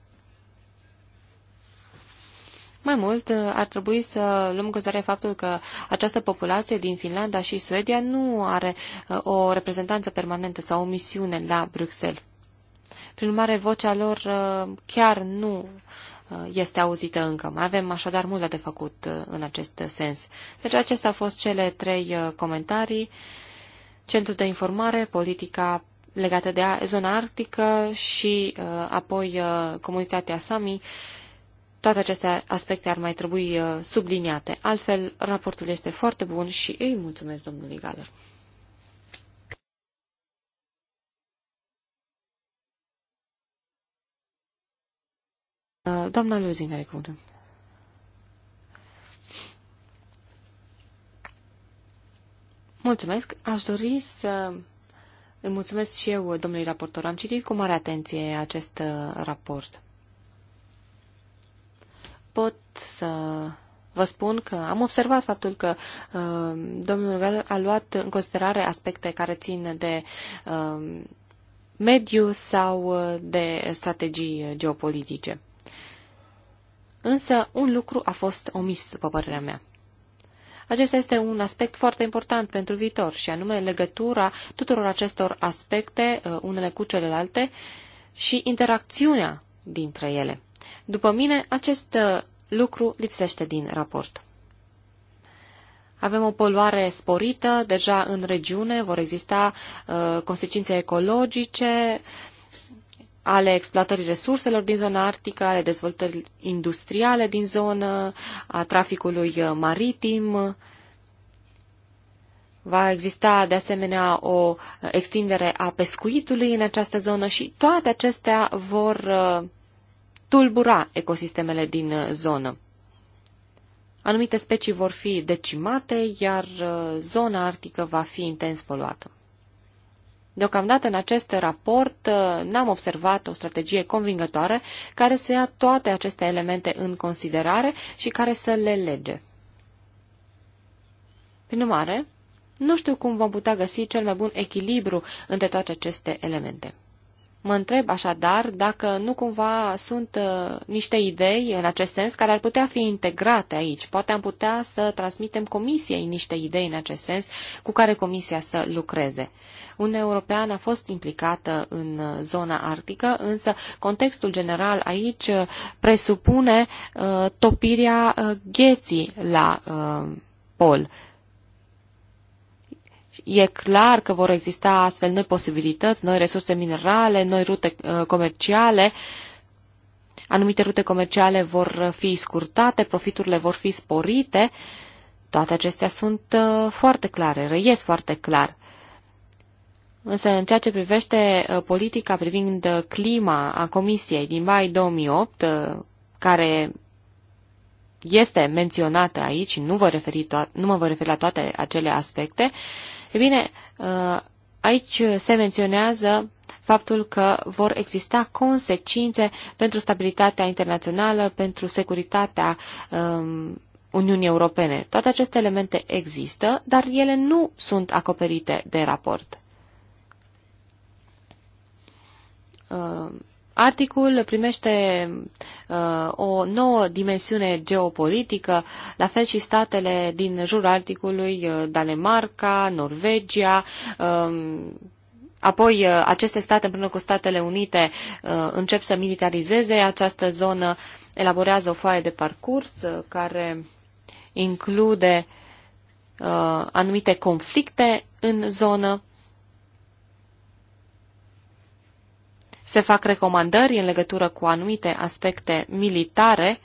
Mai mult, ar trebui să luăm considerare faptul că această populație din Finlanda și Suedia nu are o reprezentanță permanentă sau o misiune la Bruxelles. Prin urmare, vocea lor uh, chiar nu uh, este auzită încă. Mai avem așadar multe de făcut uh, în acest sens. Deci acestea au fost cele trei comentarii. Centrul de informare, politica legată de zona arctică și apoi comunitatea Sami. Toate aceste aspecte ar mai trebui subliniate. Altfel, raportul este foarte bun și îi mulțumesc domnului Galer. Doamna Luzin are cuvântul. Mulțumesc. Aș dori să îi mulțumesc și eu, domnului raportor. Am citit cu mare atenție acest uh, raport. Pot să vă spun că am observat faptul că uh, domnul Gal a luat în considerare aspecte care țin de uh, mediu sau uh, de strategii uh, geopolitice. Însă un lucru a fost omis, după părerea mea. Acesta este un aspect foarte important pentru viitor, și anume legătura tuturor acestor aspecte, uh, unele cu celelalte, și interacțiunea dintre ele. După mine, acest uh, lucru lipsește din raport. Avem o poluare sporită, deja în regiune vor exista uh, consecințe ecologice, uh, ale exploatării resurselor din zona arctică, ale dezvoltării industriale din zonă, a traficului uh, maritim. Va exista de asemenea o extindere a pescuitului în această zonă și toate acestea vor uh, tulbura ecosistemele din uh, zonă. Anumite specii vor fi decimate, iar zona arctică va fi intens poluată. Deocamdată în acest raport uh, n-am observat o strategie convingătoare care să ia toate aceste elemente în considerare și care să le lege. Prin urmare, nu știu cum vom putea găsi cel mai bun echilibru între toate aceste elemente. Mă întreb așadar dacă nu cumva sunt uh, niște idei în acest sens care ar putea fi integrate aici. Poate am putea să transmitem comisiei niște idei în acest sens cu care comisia să lucreze. Uniunea Europeană a fost implicată în uh, zona arctică, însă contextul general aici uh, presupune uh, topirea gheții la pol. E clar că vor exista astfel noi posibilități, noi resurse minerale, noi rute comerciale. Anumite rute comerciale vor fi scurtate, profiturile vor fi sporite. Toate acestea sunt foarte clare, răies foarte clar. Însă în ceea ce privește uh, politica privind uh, clima a Comisiei din mai 2008, uh, care este menționată aici, nu, vă referi to- nu mă voi referi la toate acele aspecte, e bine, aici se menționează faptul că vor exista consecințe pentru stabilitatea internațională, pentru securitatea um, Uniunii Europene. Toate aceste elemente există, dar ele nu sunt acoperite de raport. Uh, articul primește uh, o nouă dimensiune geopolitică, la fel și statele din jurul articolului, uh, Danemarca, Norvegia, uh, apoi uh, aceste state împreună cu Statele Unite uh, încep să militarizeze această zonă, elaborează o foaie de parcurs uh, care include uh, anumite conflicte în zonă se fac recomandări în legătură cu anumite aspecte militare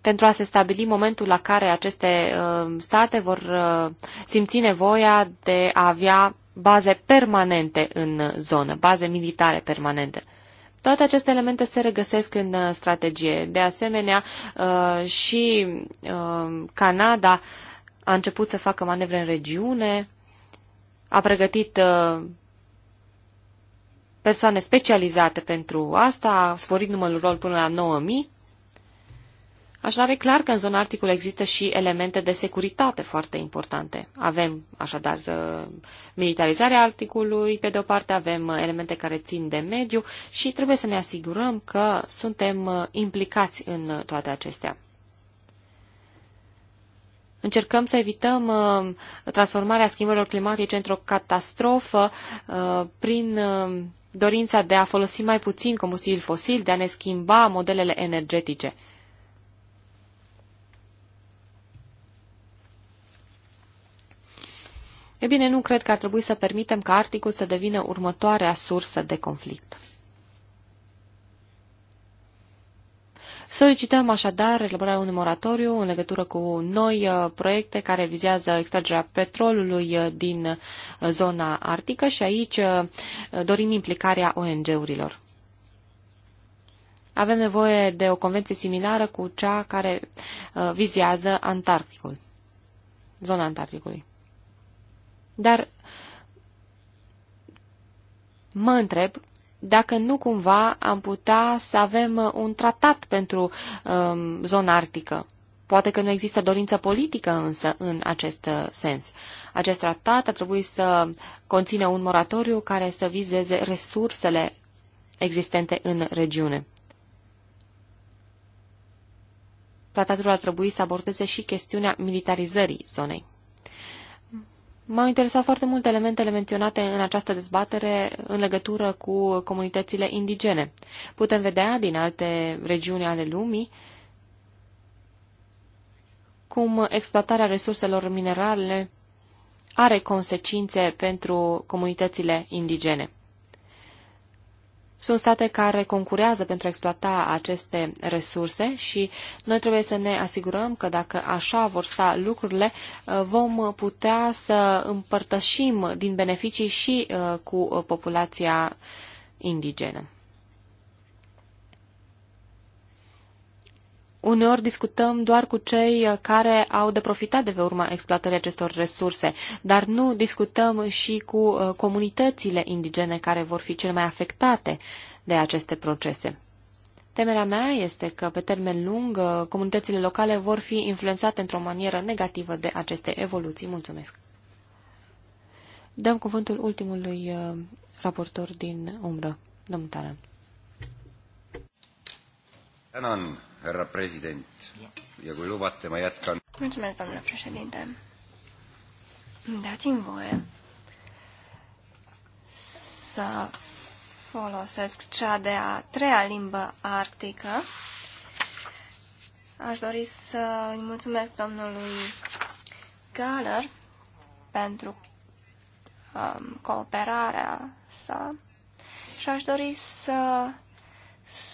pentru a se stabili momentul la care aceste uh, state vor uh, simți nevoia de a avea baze permanente în zonă, baze militare permanente. Toate aceste elemente se regăsesc în uh, strategie. De asemenea, și Canada a început să facă manevre în regiune, a pregătit persoane specializate pentru asta, a sporit numărul lor până la 9000. Așadar, e clar că în zona articolă există și elemente de securitate foarte importante. Avem, așadar, militarizarea articolului, pe de o parte avem uh, elemente care țin de mediu și trebuie să ne asigurăm că suntem uh, implicați în uh, toate acestea. Încercăm să evităm transformarea schimbărilor climatice într-o catastrofă prin dorința de a folosi mai puțin combustibil fosil, de a ne schimba modelele energetice. E bine, nu cred că ar trebui să permitem ca Articul să devină următoarea sursă de conflict. Solicităm așadar elaborarea unui moratoriu în legătură cu noi uh, proiecte care vizează extragerea petrolului uh, din uh, zona arctică și aici dorim implicarea ONG-urilor. Avem nevoie de o convenție similară cu cea care vizează Antarcticul, zona Antarcticului. Dar mă întreb dacă nu cumva am putea să avem uh, un tratat pentru um, zona arctică. Poate că nu există dorință politică însă în acest uh, sens. Acest tratat ar trebui să conțină un moratoriu care să vizeze resursele existente în regiune. Tratatul ar trebui să abordeze și chestiunea militarizării zonei. M-au interesat foarte mult elementele menționate în această dezbatere în legătură cu comunitățile indigene. Putem vedea din alte regiuni ale lumii cum exploatarea resurselor minerale are consecințe pentru comunitățile indigene. Sunt state care concurează pentru a exploata aceste resurse și noi trebuie să ne asigurăm că dacă așa vor sta lucrurile, uh, vom putea să împărtășim din beneficii și uh, cu uh, populația indigenă. Uneori discutăm doar cu cei uh, care au de profitat de pe urma exploatării acestor resurse, dar nu discutăm și cu uh, comunitățile indigene care vor fi cel mai afectate de aceste procese. Temerea mea este că, pe termen lung, uh, comunitățile locale vor fi influențate într-o manieră negativă de aceste evoluții. Mulțumesc! Dăm cuvântul ultimului raportor din umbră, domnul Taran. Taran härra president. Ja kui lubate, ma jätkan. Mulțumesc, domnule președinte. Dați-mi voie să folosesc cea de a treia limbă arctică. Aș dori să îi mulțumesc domnului Galler pentru um, cooperarea sa și aș dori să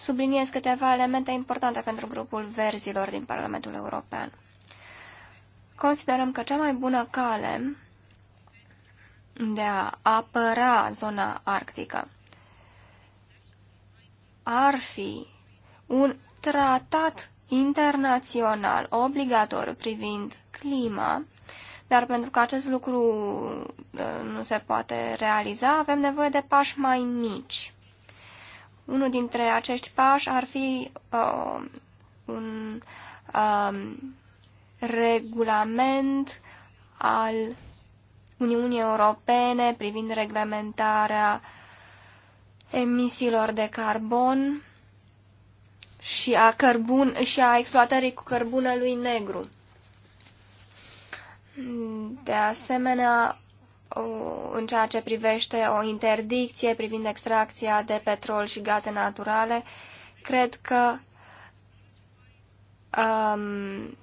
subliniez câteva elemente importante pentru grupul verzilor din Parlamentul European. Considerăm că cea mai bună cale de a apăra zona arctică ar fi un tratat internațional obligatoriu privind clima, dar pentru că acest lucru uh, nu se poate realiza, avem nevoie de pași mai mici. Unul dintre acești pași ar fi uh, un uh, regulament al Uniunii Europene privind reglementarea emisiilor de carbon și a, cărbun, și a exploatării cu cărbunelui negru. De asemenea, în ceea ce privește o interdicție privind extracția de petrol și gaze naturale, cred că um,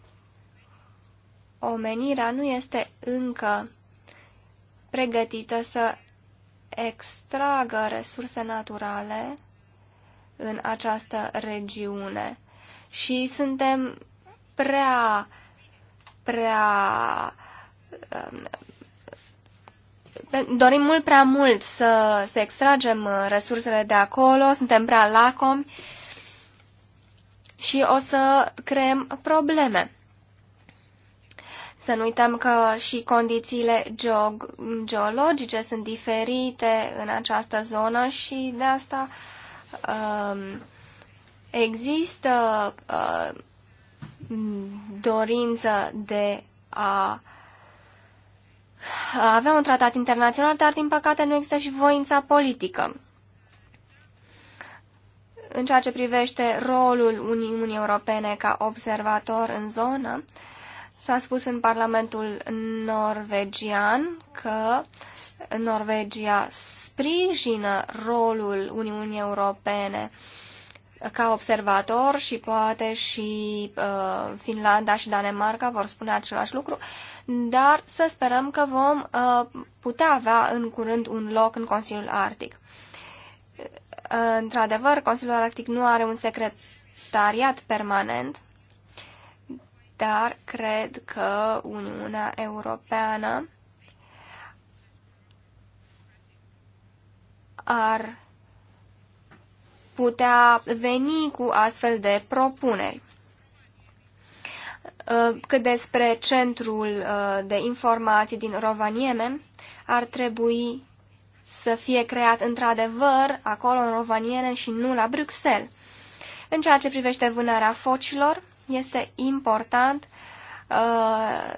omenirea nu este încă pregătită să extragă resurse naturale în această regiune și suntem prea, prea um, dorim mult prea mult să, să extragem uh, resursele de acolo, suntem prea lacomi și o să creăm probleme. Să nu uităm că și condițiile geog geologice sunt diferite în această zonă și de asta um, există uh, dorință de a avem un tratat internațional, dar din păcate nu există și voința politică. În ceea ce privește rolul Uniunii Europene ca observator în zonă, s-a spus în Parlamentul norvegian că Norvegia sprijină rolul Uniunii Europene uh, ca observator și poate și uh, Finlanda și Danemarca vor spune același lucru, dar să sperăm că vom uh, putea avea în curând un loc în Consiliul Arctic. Uh, într-adevăr, Consiliul Arctic nu are un secretariat permanent, dar cred că Uniunea Europeană ar putea veni cu astfel de propuneri. Ă, cât despre centrul ă, de informații din Rovanieme, ar trebui să fie creat într-adevăr acolo în Rovaniene și nu la Bruxelles. În ceea ce privește vânarea focilor, este important, ă,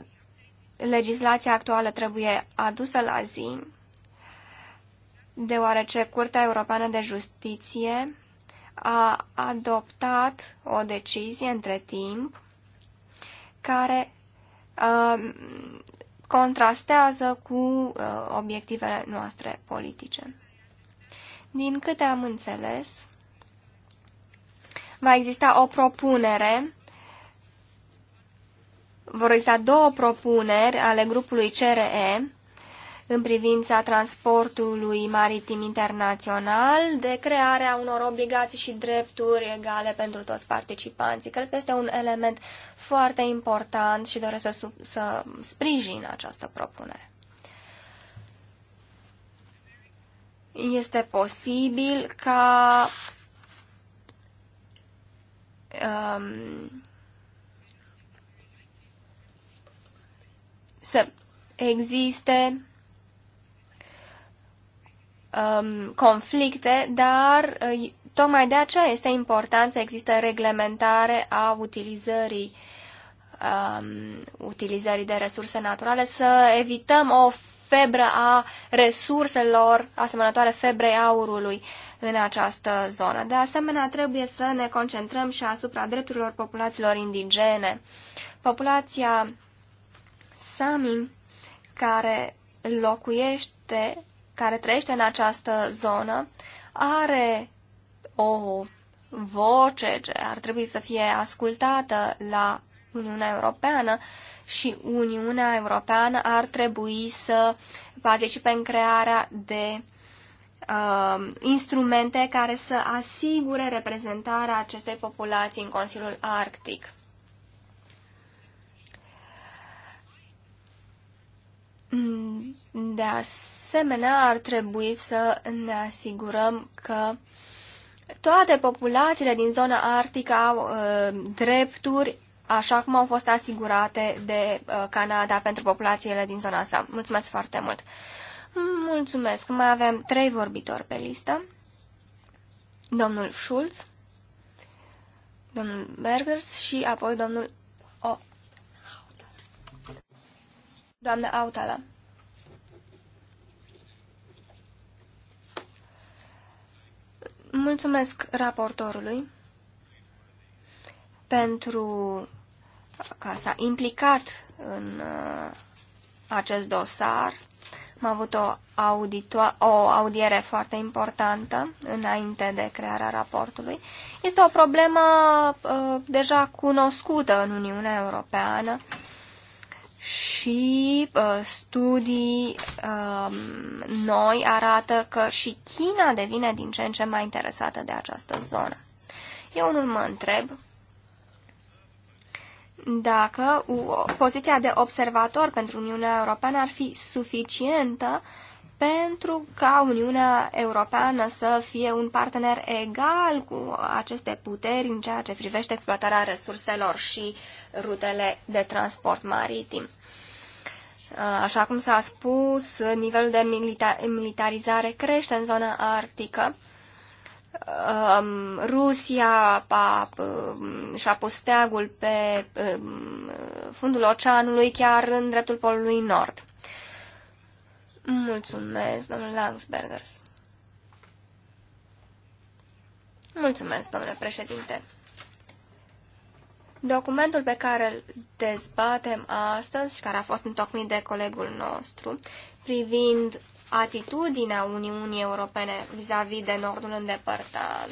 legislația actuală trebuie adusă la zi, deoarece Curtea Europeană de Justiție a adoptat o decizie între timp care uh, contrastează cu uh, obiectivele noastre politice. Din câte am înțeles, va exista o propunere, vor exista două propuneri ale grupului CRE în privința transportului maritim internațional, de crearea unor obligații și drepturi egale pentru toți participanții. Cred că este un element foarte important și doresc să, să sprijin această propunere. Este posibil ca um, să existe um, conflicte, dar uh, tocmai de aceea este important să există reglementare a utilizării um, utilizării de resurse naturale, să evităm o febră a resurselor asemănătoare febrei aurului în această zonă. De asemenea, trebuie să ne concentrăm și asupra drepturilor populațiilor indigene. Populația Sami, care locuiește care trăiește în această zonă are o voce ce ar trebui să fie ascultată la Uniunea Europeană și Uniunea Europeană ar trebui să participe în crearea de uh, instrumente care să asigure reprezentarea acestei populații în Consiliul Arctic. Mm, de asemenea, asemenea, ar trebui să ne asigurăm că toate populațiile din zona arctică au uh, drepturi așa cum au fost asigurate de uh, Canada pentru populațiile din zona sa. Mulțumesc foarte mult! Mulțumesc! Mai avem trei vorbitori pe listă. Domnul Schulz, domnul Bergers și apoi domnul O. Doamna Autala. Mulțumesc raportorului pentru că s-a implicat în uh, acest dosar. Am avut o, o audiere foarte importantă înainte de crearea raportului. Este o problemă uh, deja cunoscută în Uniunea Europeană și uh, studii uh, noi arată că și China devine din ce în ce mai interesată de această zonă. Eu unul mă întreb dacă poziția de observator pentru Uniunea Europeană ar fi suficientă pentru ca Uniunea Europeană să fie un partener egal cu aceste puteri în ceea ce privește exploatarea resurselor și rutele de transport maritim. Uh, așa cum s-a spus, nivelul de milita militarizare crește în zona arctică. Uh, um, Rusia um, și-a pus steagul pe um, fundul oceanului, chiar în dreptul polului nord. Mulțumesc, domnul Langsbergers. Mulțumesc, domnule președinte. Documentul pe care îl dezbatem astăzi și care a fost întocmit de colegul nostru privind atitudinea Uniunii Europene vis-a-vis -vis de Nordul îndepărtat,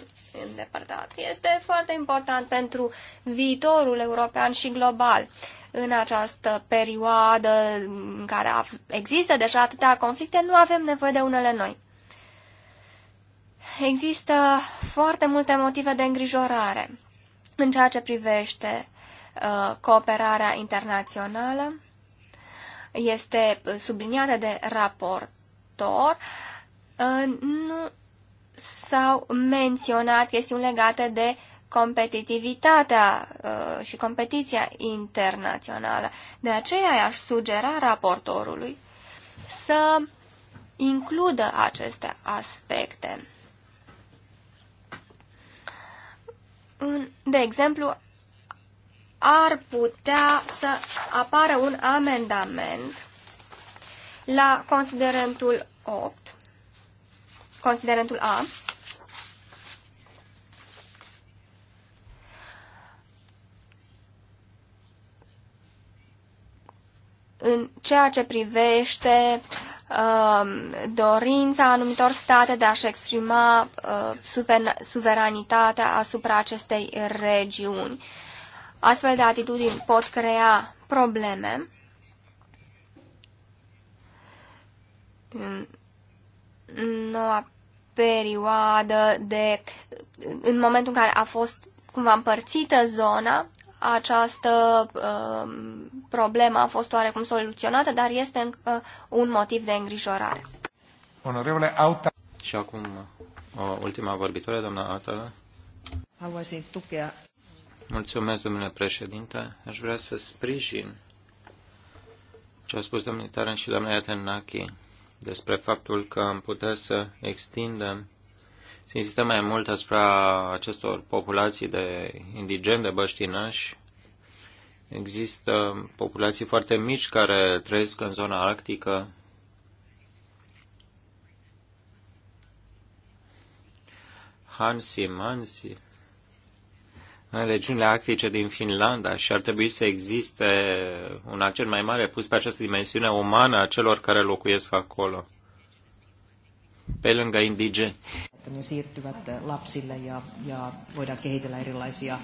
îndepărtat este foarte important pentru viitorul european și global. În această perioadă în care există deja atâtea conflicte, nu avem nevoie de unele noi. Există foarte multe motive de îngrijorare în ceea ce privește uh, cooperarea internațională, este subliniată de raportor, uh, nu s-au menționat chestiuni legate de competitivitatea uh, și competiția internațională. De aceea aș sugera raportorului să includă aceste aspecte. de exemplu, ar putea să apară un amendament la considerentul 8, considerentul A, în ceea ce privește Um, dorința anumitor state de a-și exprima uh, suveranitatea asupra acestei regiuni. Astfel de atitudini pot crea probleme în noua perioadă de... în momentul în care a fost cumva împărțită zona, această uh, problemă a fost oarecum soluționată, dar este încă uh, un motiv de îngrijorare. Onorevole Auta. Și acum o ultima vorbitoare, doamna Auta. Mulțumesc, domnule președinte. Aș vrea să sprijin ce a spus domnul Taran și doamna Iatenaki despre faptul că am putea să extindem se insistă mai mult asupra acestor populații de indigeni, de băștinași. Există populații foarte mici care trăiesc în zona arctică. Hansi, Mansi, în regiunile arctice din Finlanda și ar trebui să existe un accent mai mare pus pe această dimensiune umană a celor care locuiesc acolo, pe lângă indigeni ne siirtyvät lapsille ja, ja voidaan kehitellä erilaisia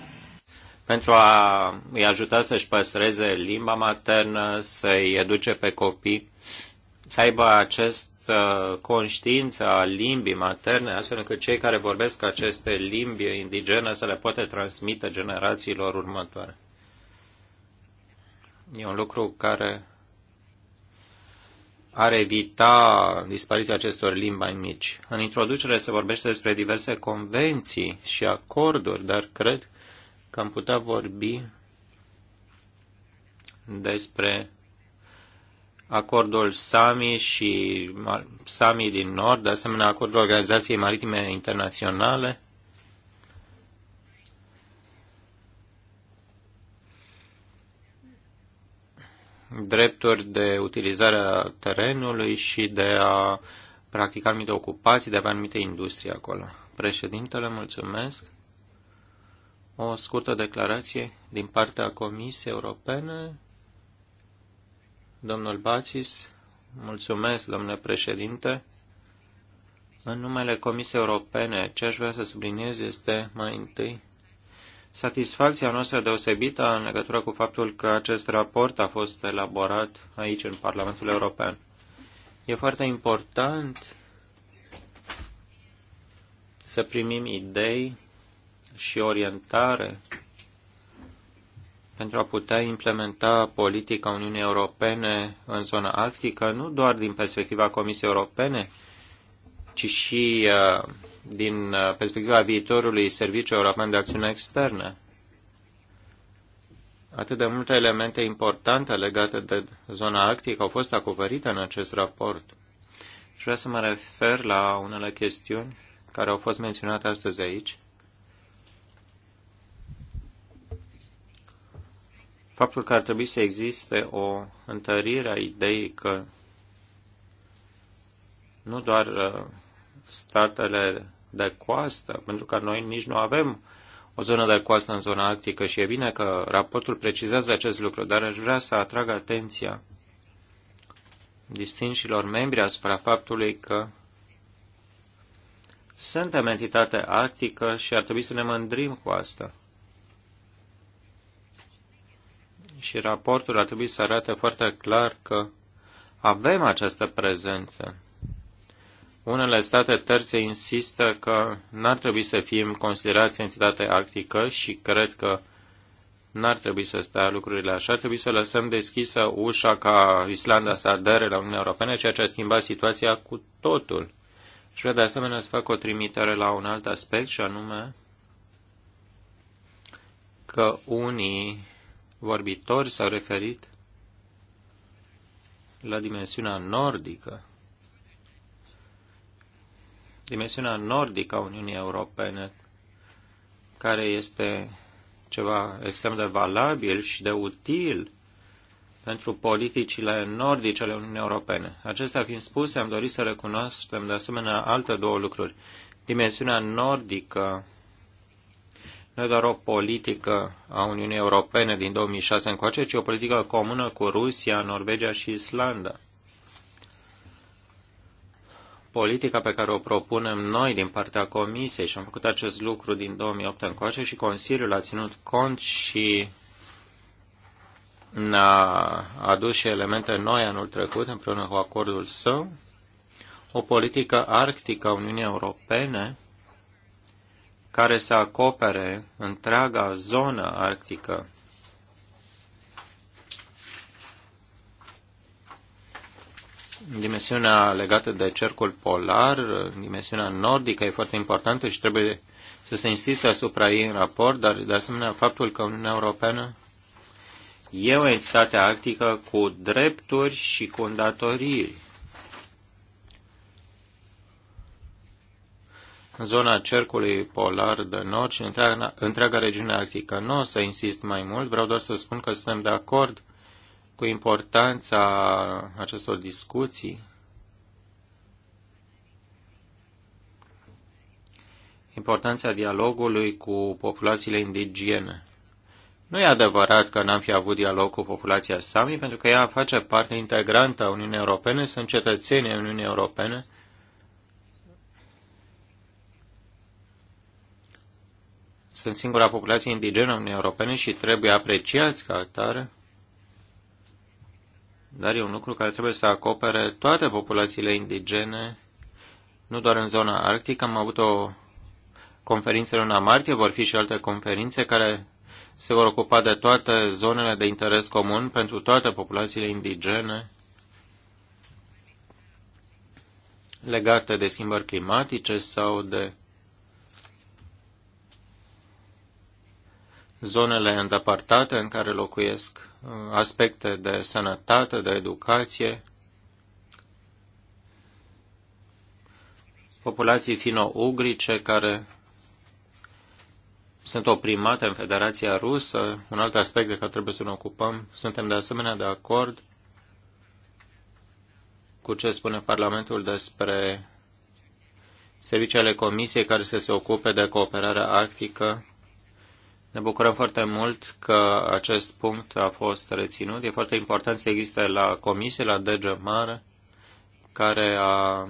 pentru a îi ajuta să-și păstreze limba maternă, să-i educe pe copii, să aibă acest uh, conștiință a limbii materne, astfel încât cei care vorbesc aceste limbi indigene să le poate transmite generațiilor următoare. E un lucru care ar evita dispariția acestor limbi mici. În introducere se vorbește despre diverse convenții și acorduri, dar cred că am putea vorbi despre acordul SAMI și SAMI din Nord, de asemenea acordul Organizației Maritime Internaționale drepturi de utilizare a terenului și de a practica anumite ocupații, de a avea anumite industrie acolo. Președintele, mulțumesc. O scurtă declarație din partea Comisiei Europene. Domnul Bațis, mulțumesc, domnule președinte. În numele Comisiei Europene, ce aș vrea să subliniez este mai întâi satisfacția noastră deosebită în legătură cu faptul că acest raport a fost elaborat aici, în Parlamentul European. E foarte important să primim idei și orientare pentru a putea implementa politica Uniunii Europene în zona arctică, nu doar din perspectiva Comisiei Europene, ci și uh, din uh, perspectiva viitorului Serviciu European de Acțiune Externă. Atât de multe elemente importante legate de zona arctică au fost acoperite în acest raport. Și vreau să mă refer la unele chestiuni care au fost menționate astăzi aici. Faptul că ar trebui să existe o întărire a ideii că nu doar uh, statele de coastă, pentru că noi nici nu avem o zonă de coastă în zona arctică și e bine că raportul precizează acest lucru, dar aș vrea să atrag atenția distinșilor membri asupra faptului că suntem entitate arctică și ar trebui să ne mândrim cu asta. Și raportul ar trebui să arate foarte clar că avem această prezență unele state terțe insistă că n-ar trebui să fim considerați entitate arctică și cred că n-ar trebui să stea lucrurile așa. Ar trebui să lăsăm deschisă ușa ca Islanda să adere la Uniunea Europeană, ceea ce a schimbat situația cu totul. Și vreau de asemenea să fac o trimitere la un alt aspect și anume că unii vorbitori s-au referit la dimensiunea nordică dimensiunea nordică a Uniunii Europene, care este ceva extrem de valabil și de util pentru politicile nordice ale Uniunii Europene. Acestea fiind spuse, am dorit să recunoaștem de asemenea alte două lucruri. Dimensiunea nordică nu e doar o politică a Uniunii Europene din 2006 încoace, ci o politică comună cu Rusia, Norvegia și Islanda politica pe care o propunem noi din partea Comisiei și am făcut acest lucru din 2008 încoace și Consiliul a ținut cont și a adus și elemente noi anul trecut împreună cu acordul său, o politică arctică a Uniunii Europene care să acopere întreaga zonă arctică Dimensiunea legată de cercul polar, dimensiunea nordică e foarte importantă și trebuie să se insiste asupra ei în raport, dar de asemenea faptul că Uniunea Europeană e o entitate arctică cu drepturi și cu îndatoriri. În zona cercului polar de nord și întreaga, întreaga regiune arctică. Nu o să insist mai mult, vreau doar să spun că suntem de acord cu importanța acestor discuții. importanța dialogului cu populațiile indigene. Nu e adevărat că n-am fi avut dialog cu populația Sami, pentru că ea face parte integrantă a Uniunii Europene, sunt cetățenii Uniunii Europene, sunt singura populație indigenă a Uniunii Europene și trebuie apreciați ca atare dar e un lucru care trebuie să acopere toate populațiile indigene, nu doar în zona arctică. Am avut o conferință luna martie, vor fi și alte conferințe care se vor ocupa de toate zonele de interes comun pentru toate populațiile indigene legate de schimbări climatice sau de zonele îndepărtate în care locuiesc, uh, aspecte de sănătate, de educație, populații fino-ugrice care sunt oprimate în Federația Rusă, un alt aspect de care trebuie să ne ocupăm. Suntem de asemenea de acord cu ce spune Parlamentul despre serviciile Comisiei care să se ocupe de cooperarea arctică ne bucurăm foarte mult că acest punct a fost reținut. E foarte important să existe la comisie, la DG Mare, care a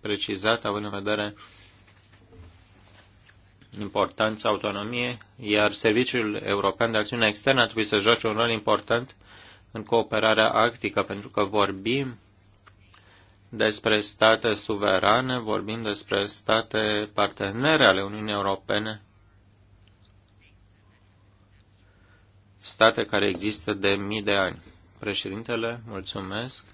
precizat, având în vedere importanța autonomiei, iar Serviciul European de Acțiune Externă ar trebui să joace un rol important în cooperarea arctică, pentru că vorbim despre state suverane, vorbim despre state partenere ale Uniunii Europene state care există de mii de ani. Președintele, mulțumesc.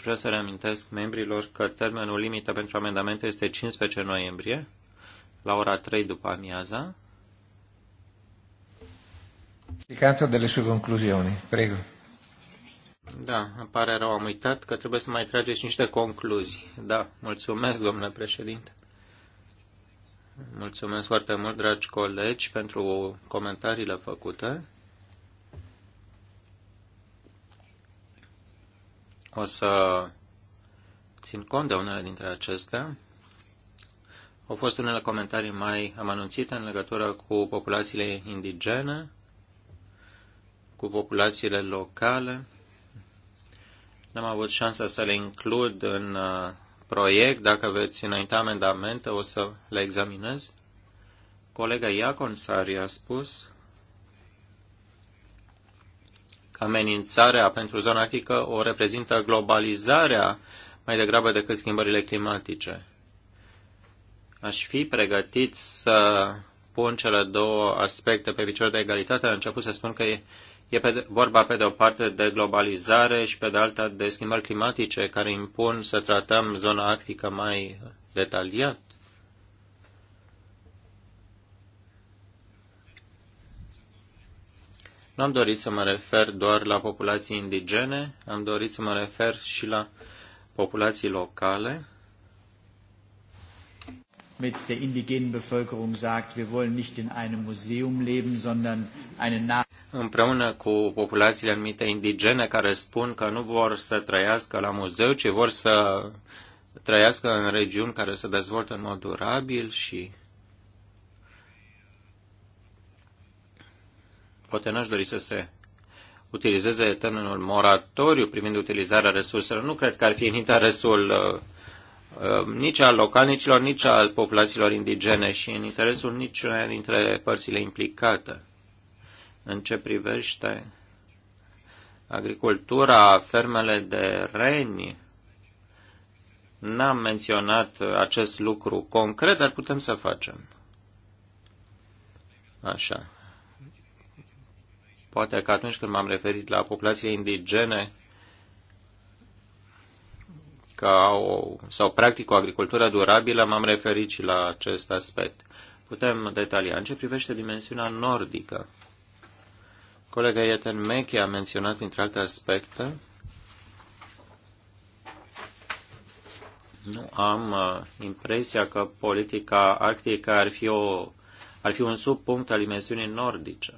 Vreau să reamintesc membrilor că termenul limită pentru amendamente este 15 noiembrie, la ora 3 după amiaza. Canto de sue concluzioni, prego. Da, îmi pare rău, am uitat că trebuie să mai trageți niște concluzii. Da, mulțumesc, domnule președinte. Mulțumesc foarte mult, dragi colegi, pentru comentariile făcute. O să țin cont de unele dintre acestea. Au fost unele comentarii mai amănunțite în legătură cu populațiile indigene, cu populațiile locale. N-am avut șansa să le includ în uh, proiect. Dacă veți înainta amendamente, o să le examinez. Colega Iacon Sari a spus amenințarea pentru zona arctică o reprezintă globalizarea mai degrabă decât schimbările climatice. Aș fi pregătit să pun cele două aspecte pe picior de egalitate. Am început să spun că e, e pe, vorba pe de o parte de globalizare și pe de alta de schimbări climatice care impun să tratăm zona arctică mai detaliat. Nu am dorit să mă refer doar la populații indigene, am dorit să mă refer și la populații locale. Mit der indigenen Bevölkerung sagt, wir wollen nicht in einem Museum leben, sondern eine Împreună cu populațiile anumite indigene care spun că nu vor să trăiască la muzeu, ci vor să trăiască în regiuni care se dezvoltă în mod durabil și poate n-aș dori să se utilizeze termenul moratoriu privind utilizarea resurselor. Nu cred că ar fi în interesul uh, uh, nici al localnicilor, nici al populațiilor indigene și în interesul niciunei dintre părțile implicate. În ce privește agricultura, fermele de reni, n-am menționat acest lucru concret, dar putem să facem. Așa. Poate că atunci când m-am referit la populația indigene, că au, sau practic o agricultură durabilă, m-am referit și la acest aspect. Putem detalia. În ce privește dimensiunea nordică, colega Ieten Meche a menționat, printre alte aspecte, nu am uh, impresia că politica arctică ar fi, o, ar fi un subpunct al dimensiunii nordice.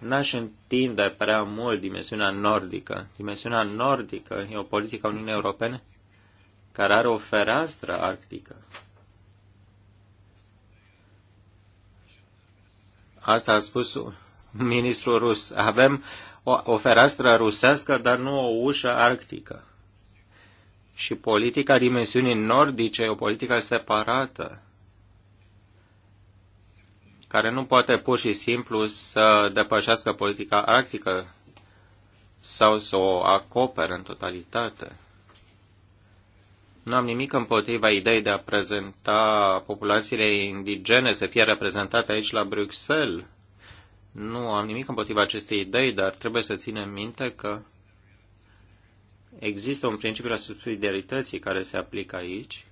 N-aș întinde prea mult dimensiunea nordică. Dimensiunea nordică e o politică a Uniunii Europene care are o fereastră arctică. Asta a spus ministrul rus. Avem o, o fereastră rusească, dar nu o ușă arctică. Și politica dimensiunii nordice e o politică separată care nu poate pur și simplu să depășească politica arctică sau să o acopere în totalitate. Nu am nimic împotriva ideii de a prezenta populațiile indigene să fie reprezentate aici la Bruxelles. Nu am nimic împotriva acestei idei, dar trebuie să ținem minte că există un principiu al subsidiarității care se aplică aici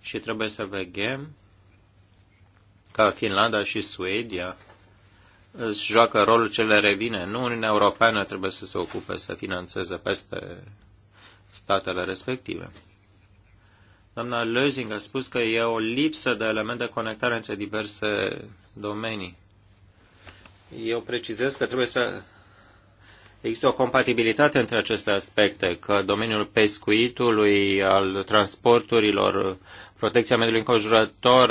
și trebuie să veghem ca Finlanda și Suedia își joacă rolul ce le revine. Nu Uniunea Europeană trebuie să se ocupe să financeze peste statele respective. Doamna Lözing a spus că e o lipsă de elemente de conectare între diverse domenii. Eu precizez că trebuie să Există o compatibilitate între aceste aspecte, că domeniul pescuitului, al transporturilor, protecția mediului înconjurător,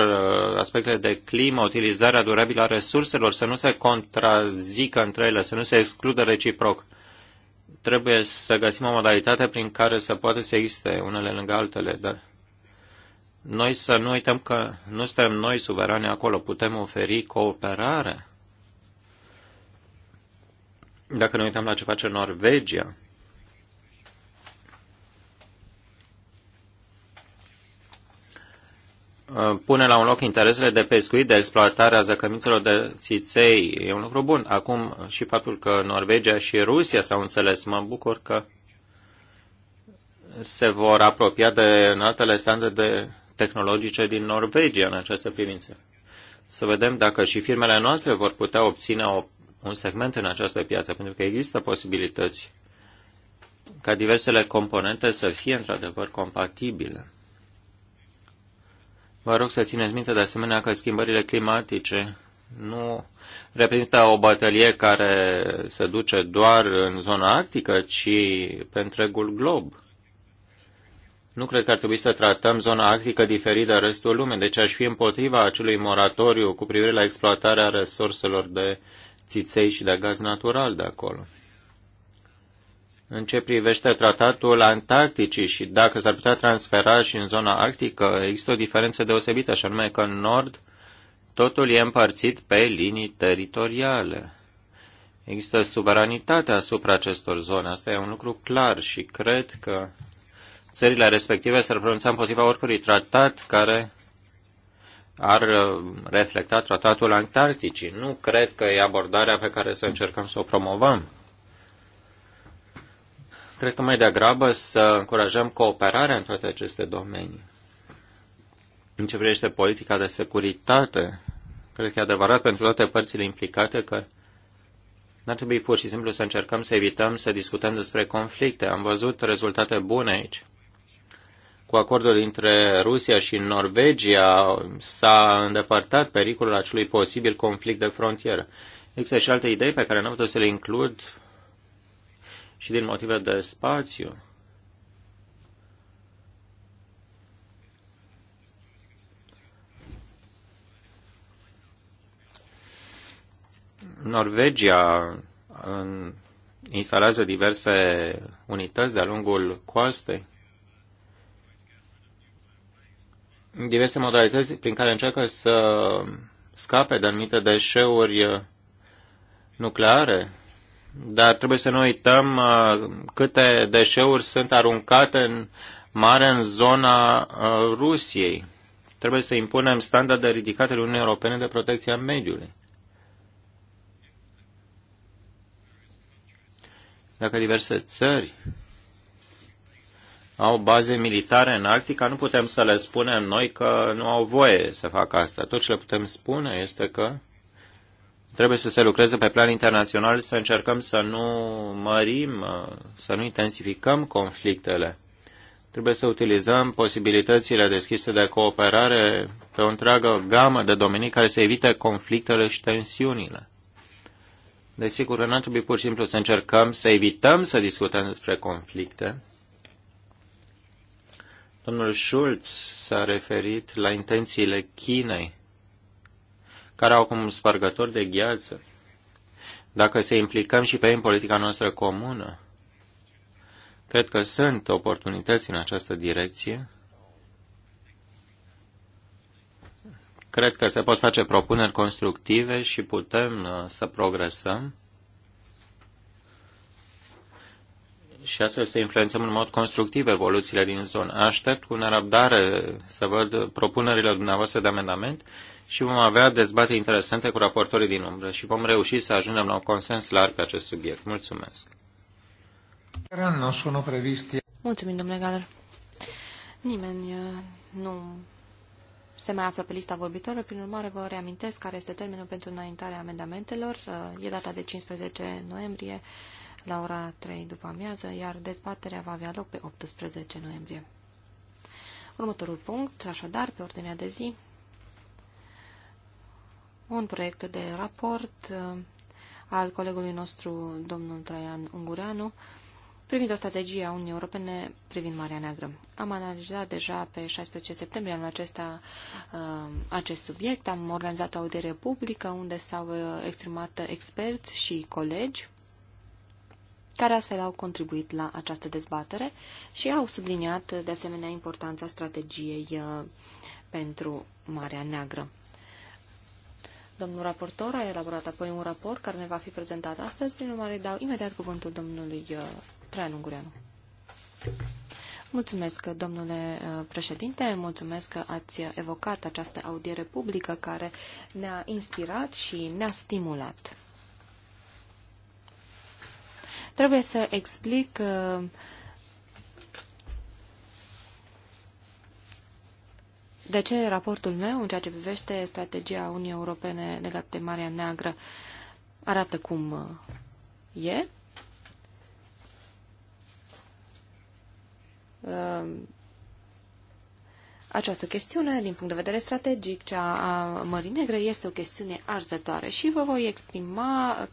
aspectele de climă, utilizarea durabilă a resurselor, să nu se contrazică între ele, să nu se excludă reciproc. Trebuie să găsim o modalitate prin care să poată să existe unele lângă altele, dar noi să nu uităm că nu suntem noi suverani acolo, putem oferi cooperare dacă ne uităm la ce face Norvegia, uh, pune la un loc interesele de pescuit, de exploatarea zăcămintelor de țiței. E un lucru bun. Acum și faptul că Norvegia și Rusia s-au înțeles, mă bucur că se vor apropia de altele standarde tehnologice din Norvegia în această privință. Să vedem dacă și firmele noastre vor putea obține o un segment în această piață, pentru că există posibilități ca diversele componente să fie într-adevăr compatibile. Vă rog să țineți minte de asemenea că schimbările climatice nu reprezintă o bătălie care se duce doar în zona arctică, ci pe întregul glob. Nu cred că ar trebui să tratăm zona arctică diferit de restul lumii, deci aș fi împotriva acelui moratoriu cu privire la exploatarea resurselor de țiței și de gaz natural de acolo. În ce privește tratatul Antarcticii și dacă s-ar putea transfera și în zona arctică, există o diferență deosebită, așa anume că în nord totul e împărțit pe linii teritoriale. Există suveranitate asupra acestor zone. Asta e un lucru clar și cred că țările respective s-ar pronunța împotriva oricărui tratat care ar uh, reflecta tratatul Antarcticii. Nu cred că e abordarea pe care să încercăm să o promovăm. Cred că mai degrabă să încurajăm cooperarea în toate aceste domenii. În ce privește politica de securitate, cred că e adevărat pentru toate părțile implicate că n-ar trebui pur și simplu să încercăm să evităm să discutăm despre conflicte. Am văzut rezultate bune aici cu acordul dintre Rusia și Norvegia s-a îndepărtat pericolul acelui posibil conflict de frontieră. Există și alte idei pe care n-am putut să le includ și din motive de spațiu. Norvegia instalează diverse unități de-a lungul coastei diverse modalități prin care încearcă să scape de anumite deșeuri nucleare, dar trebuie să nu uităm uh, câte deșeuri sunt aruncate în mare în zona uh, Rusiei. Trebuie să impunem standarde ridicate Uniunii Europene de protecție a mediului. Dacă diverse țări au baze militare în Arctica, nu putem să le spunem noi că nu au voie să facă asta. Tot ce le putem spune este că trebuie să se lucreze pe plan internațional, să încercăm să nu mărim, să nu intensificăm conflictele. Trebuie să utilizăm posibilitățile deschise de cooperare pe o întreagă gamă de domenii care să evite conflictele și tensiunile. Desigur, nu ar trebui pur și simplu să încercăm să evităm să discutăm despre conflicte, Domnul Schulz s-a referit la intențiile Chinei, care au acum spargători de gheață. Dacă se implicăm și pe ei în politica noastră comună, cred că sunt oportunități în această direcție. Cred că se pot face propuneri constructive și putem uh, să progresăm și astfel să influențăm în mod constructiv evoluțiile din zonă. Aștept cu nerăbdare să văd propunerile dumneavoastră de amendament și vom avea dezbateri interesante cu raportorii din umbră și vom reuși să ajungem la un consens larg pe acest subiect. Mulțumesc! Mulțumim, domnule Galer. Nimeni uh, nu se mai află pe lista vorbitorilor, prin urmare vă reamintesc care este termenul pentru înaintarea amendamentelor. Uh, e data de 15 noiembrie la ora 3 după amiază, iar dezbaterea va avea loc pe 18 noiembrie. Următorul punct, așadar, pe ordinea de zi, un proiect de raport uh, al colegului nostru, domnul Traian Ungureanu, privind o strategie a Uniunii Europene privind Marea Neagră. Am analizat deja pe 16 septembrie anul acesta uh, acest subiect, am organizat o audiere publică unde s-au uh, exprimat experți și colegi care astfel au contribuit la această dezbatere și au subliniat de asemenea importanța strategiei uh, pentru Marea Neagră. Domnul raportor a elaborat apoi un raport care ne va fi prezentat astăzi, prin urmare dau imediat cuvântul domnului uh, Traian Ungureanu. Mulțumesc, domnule uh, președinte, mulțumesc că ați evocat această audiere publică care ne-a inspirat și ne-a stimulat. Trebuie să explic uh, de ce raportul meu în ceea ce privește strategia Uniunii Europene legată de Marea Neagră arată cum uh, e. Uh, această chestiune, din punct de vedere strategic, cea a Mării Negre, este o chestiune arzătoare și vă voi exprima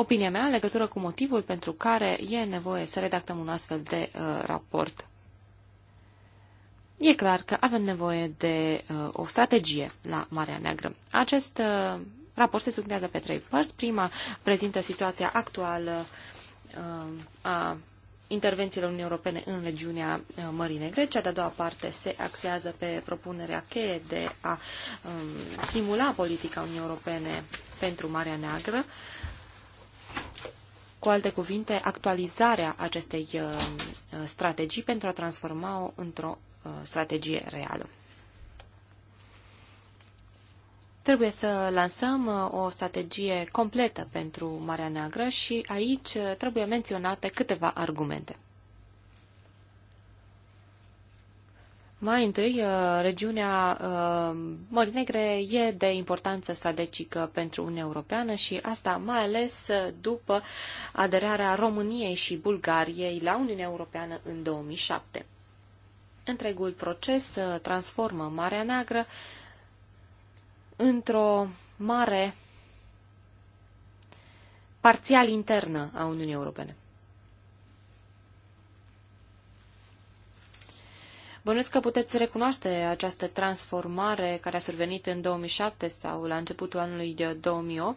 opinia mea în legătură cu motivul pentru care e nevoie să redactăm un astfel de uh, raport. E clar că avem nevoie de uh, o strategie la Marea Neagră. Acest uh, raport se subminează pe trei părți. Prima prezintă situația actuală uh, a intervențiilor Uniunii Europene în regiunea uh, Mării Negre. Cea de-a doua parte se axează pe propunerea cheie de a um, stimula politica Uniunii Europene pentru Marea Neagră. Uh, cu alte cuvinte, actualizarea acestei uh, strategii pentru a transforma-o într-o uh, strategie reală. Trebuie să lansăm uh, o strategie completă pentru Marea Neagră și aici trebuie menționate câteva argumente. Mai întâi, uh, regiunea uh, Mării Negre e de importanță strategică pentru Uniunea Europeană și asta mai ales uh, după aderarea României și Bulgariei la Uniunea Europeană în 2007. Întregul proces transformă Marea Neagră într-o mare parțial internă a Uniunii Europene. Bănuiesc că puteți recunoaște această transformare care a survenit în 2007 sau la începutul anului de 2008,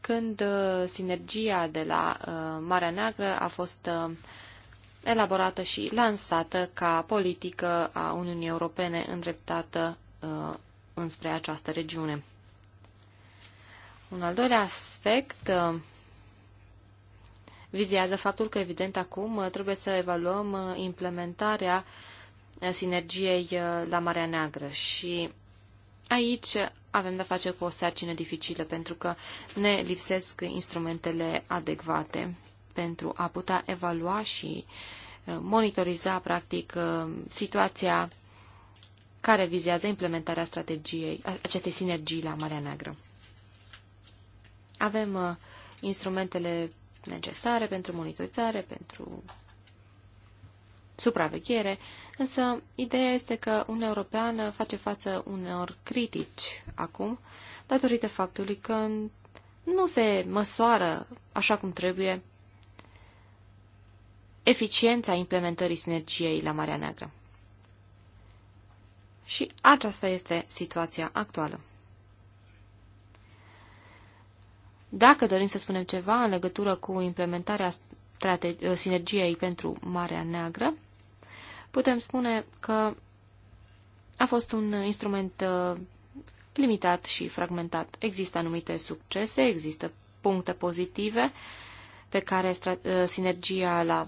când uh, sinergia de la uh, Marea Neagră a fost uh, elaborată și lansată ca politică a Uniunii Europene îndreptată înspre această regiune. Un al doilea aspect vizează faptul că, evident, acum trebuie să evaluăm implementarea uh, sinergiei uh, la Marea Neagră și aici avem de-a face cu o sarcină dificilă pentru că ne lipsesc instrumentele adecvate pentru a putea evalua și uh, monitoriza, practic, uh, situația care vizează implementarea strategiei, acestei sinergii la Marea Neagră. Avem instrumentele necesare pentru monitorizare, pentru supraveghere, însă ideea este că Uniunea Europeană face față unor critici acum, datorită faptului că nu se măsoară așa cum trebuie eficiența implementării sinergiei la Marea Neagră. Și aceasta este situația actuală. Dacă dorim să spunem ceva în legătură cu implementarea sinergiei pentru Marea Neagră, putem spune că a fost un instrument uh, limitat și fragmentat. Există anumite succese, există puncte pozitive pe care uh, sinergia la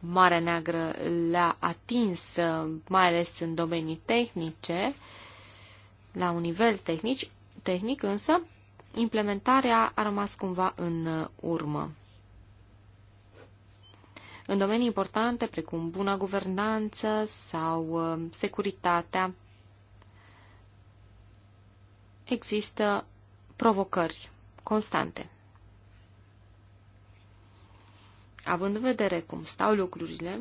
Marea Neagră le-a atins, uh, mai ales în domenii tehnice, la un nivel tehnic, tehnic însă, implementarea a rămas cumva în urmă în domenii importante precum buna guvernanță sau uh, securitatea. Există provocări constante. Având în vedere cum stau lucrurile,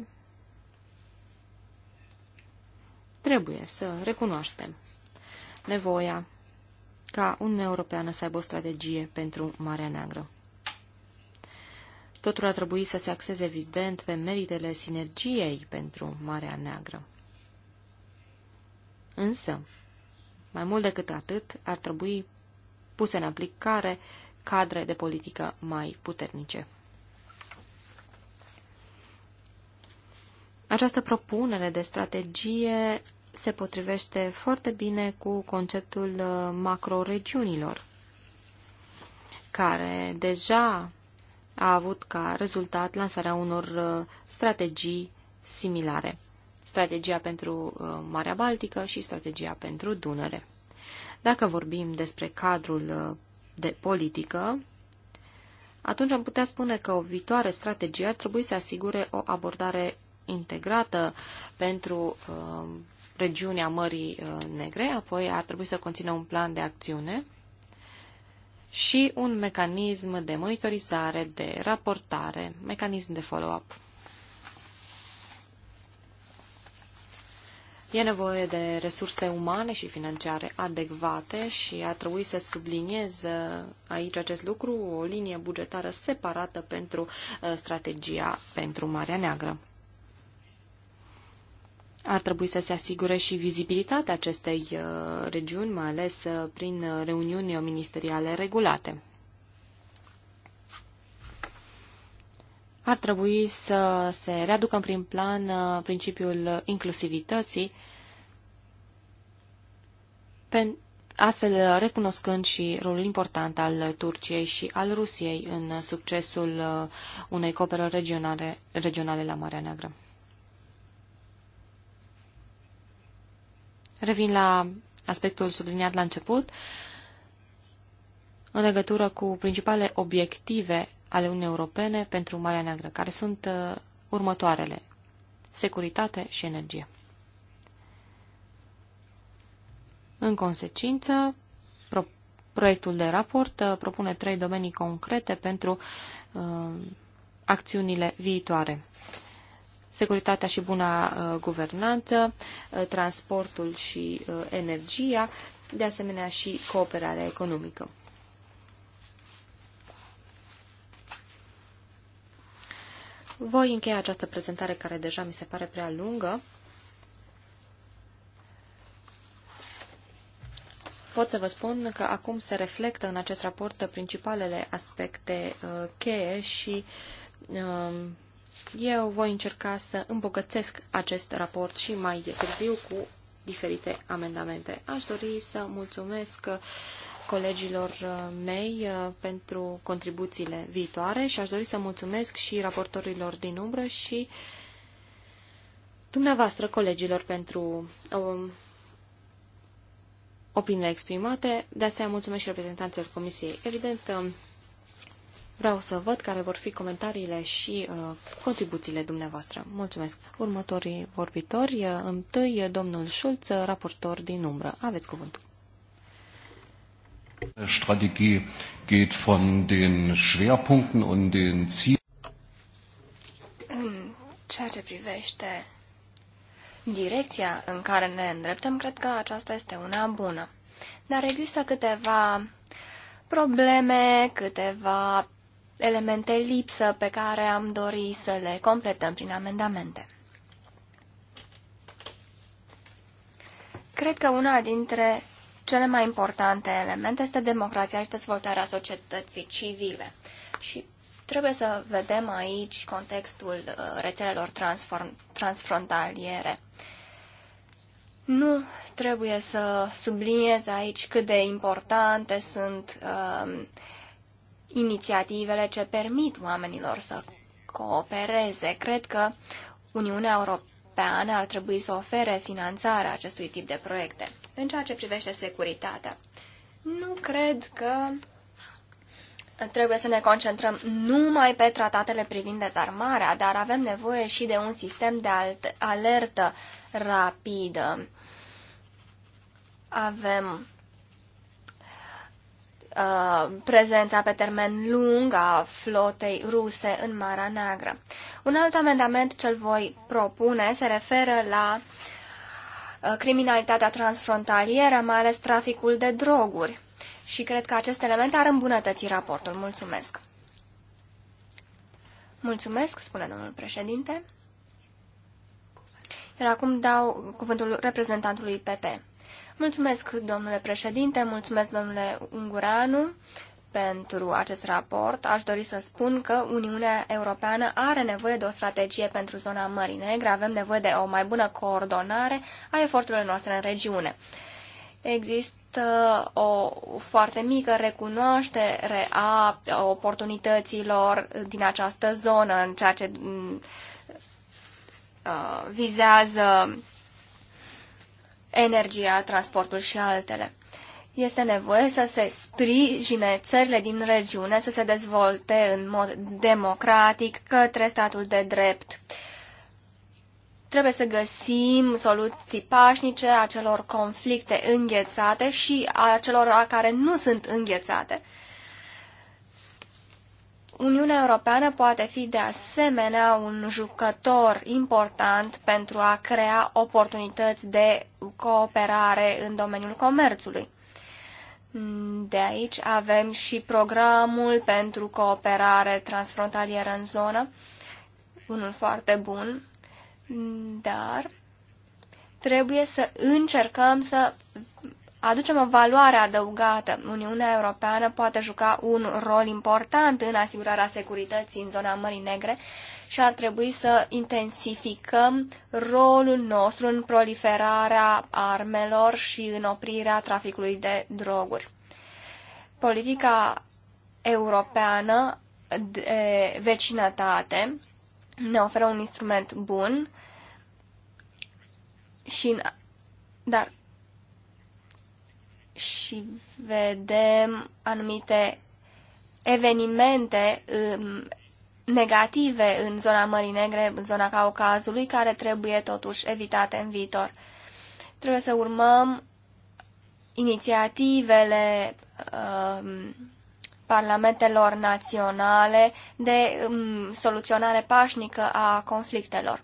trebuie să recunoaștem nevoia ca Uniunea Europeană să aibă o strategie pentru Marea Neagră. Totul a trebuit să se axeze evident pe meritele sinergiei pentru Marea Neagră. Însă, mai mult decât atât, ar trebui puse în aplicare cadre de politică mai puternice. Această propunere de strategie se potrivește foarte bine cu conceptul uh, macroregiunilor, care deja a avut ca rezultat lansarea unor uh, strategii similare. Strategia pentru uh, Marea Baltică și strategia pentru Dunăre. Dacă vorbim despre cadrul uh, de politică, atunci am putea spune că o viitoare strategie ar trebui să asigure o abordare integrată pentru uh, regiunea Mării Negre, apoi ar trebui să conțină un plan de acțiune și un mecanism de monitorizare, de raportare, mecanism de follow-up. E nevoie de resurse umane și financiare adecvate și a trebuit să subliniez uh, aici acest lucru, o linie bugetară separată pentru uh, strategia pentru Marea Neagră. Ar trebui să se asigure și vizibilitatea acestei uh, regiuni, mai ales uh, prin uh, reuniuni ministeriale regulate. Ar trebui să se readucă în prim plan principiul inclusivității, astfel recunoscând și rolul important al Turciei și al Rusiei în succesul unei cooperări regionale, regionale la Marea Neagră. Revin la aspectul subliniat la început, în legătură cu principalele obiective ale Uniunii Europene pentru Marea Neagră, care sunt uh, următoarele. Securitate și energie. În consecință, pro proiectul de raport uh, propune trei domenii concrete pentru uh, acțiunile viitoare securitatea și buna uh, guvernanță, uh, transportul și uh, energia, de asemenea și cooperarea economică. Voi încheia această prezentare care deja mi se pare prea lungă. Pot să vă spun că acum se reflectă în acest raport principalele aspecte uh, cheie și uh, eu voi încerca să îmbogățesc acest raport și mai târziu cu diferite amendamente. Aș dori să mulțumesc colegilor mei uh, pentru contribuțiile viitoare și aș dori să mulțumesc și raportorilor din umbră și dumneavoastră, colegilor, pentru um, opiniile exprimate. De asemenea, mulțumesc și reprezentanților Comisiei. Evident, um, Vreau să văd care vor fi comentariile și uh, contribuțiile dumneavoastră. Mulțumesc. Următorii vorbitori, uh, întâi uh, domnul Schulz, uh, raportor din umbră. Aveți cuvântul. Strategie geht von den Schwerpunkten und den Zielen. ceea ce privește direcția în care ne îndreptăm, cred că aceasta este una bună. Dar există câteva probleme, câteva elemente lipsă pe care am dori să le completăm prin amendamente. Cred că una dintre cele mai importante elemente este democrația și dezvoltarea societății civile. Și trebuie să vedem aici contextul uh, rețelelor transfrontaliere. Nu trebuie să subliniez aici cât de importante sunt uh, inițiativele ce permit oamenilor să coopereze. Cred că Uniunea Europeană ar trebui să ofere finanțarea acestui tip de proiecte. În ceea ce privește securitatea, nu cred că trebuie să ne concentrăm numai pe tratatele privind dezarmarea, dar avem nevoie și de un sistem de alertă rapidă. Avem Uh, prezența pe termen lung a flotei ruse în Marea Neagră. Un alt amendament ce-l voi propune se referă la uh, criminalitatea transfrontalieră, mai ales traficul de droguri. Și cred că acest element ar îmbunătăți raportul. Mulțumesc! Mulțumesc, spune domnul președinte. Iar acum dau cuvântul reprezentantului PP. Mulțumesc, domnule președinte, mulțumesc, domnule Ungureanu, pentru acest raport. Aș dori să spun că Uniunea Europeană are nevoie de o strategie pentru zona Mării Negre, avem nevoie de o mai bună coordonare a eforturilor noastre în regiune. Există o foarte mică recunoaștere a oportunităților din această zonă în ceea ce uh, vizează energia, transportul și altele. Este nevoie să se sprijine țările din regiune să se dezvolte în mod democratic către statul de drept. Trebuie să găsim soluții pașnice acelor conflicte înghețate și acelor care nu sunt înghețate Uniunea Europeană poate fi de asemenea un jucător important pentru a crea oportunități de cooperare în domeniul comerțului. De aici avem și programul pentru cooperare transfrontalieră în zonă, unul foarte bun, dar trebuie să încercăm să aducem o valoare adăugată. Uniunea Europeană poate juca un rol important în asigurarea securității în zona Mării Negre și ar trebui să intensificăm rolul nostru în proliferarea armelor și în oprirea traficului de droguri. Politica europeană de vecinătate ne oferă un instrument bun și dar și vedem anumite evenimente um, negative în zona Mării Negre, în zona Caucazului, care trebuie totuși evitate în viitor. Trebuie să urmăm inițiativele um, parlamentelor naționale de um, soluționare pașnică a conflictelor.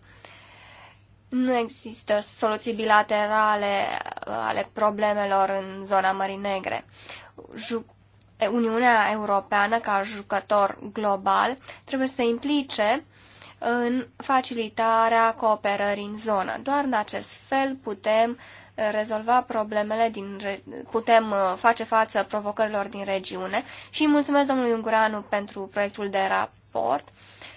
Nu există soluții bilaterale uh, ale problemelor în zona Mării Negre. Uniunea Europeană, ca jucător global, trebuie să implice în facilitarea cooperării în zonă. Doar în acest fel putem uh, rezolva problemele din putem uh, face față provocărilor din regiune și mulțumesc domnului Ungureanu pentru proiectul de raport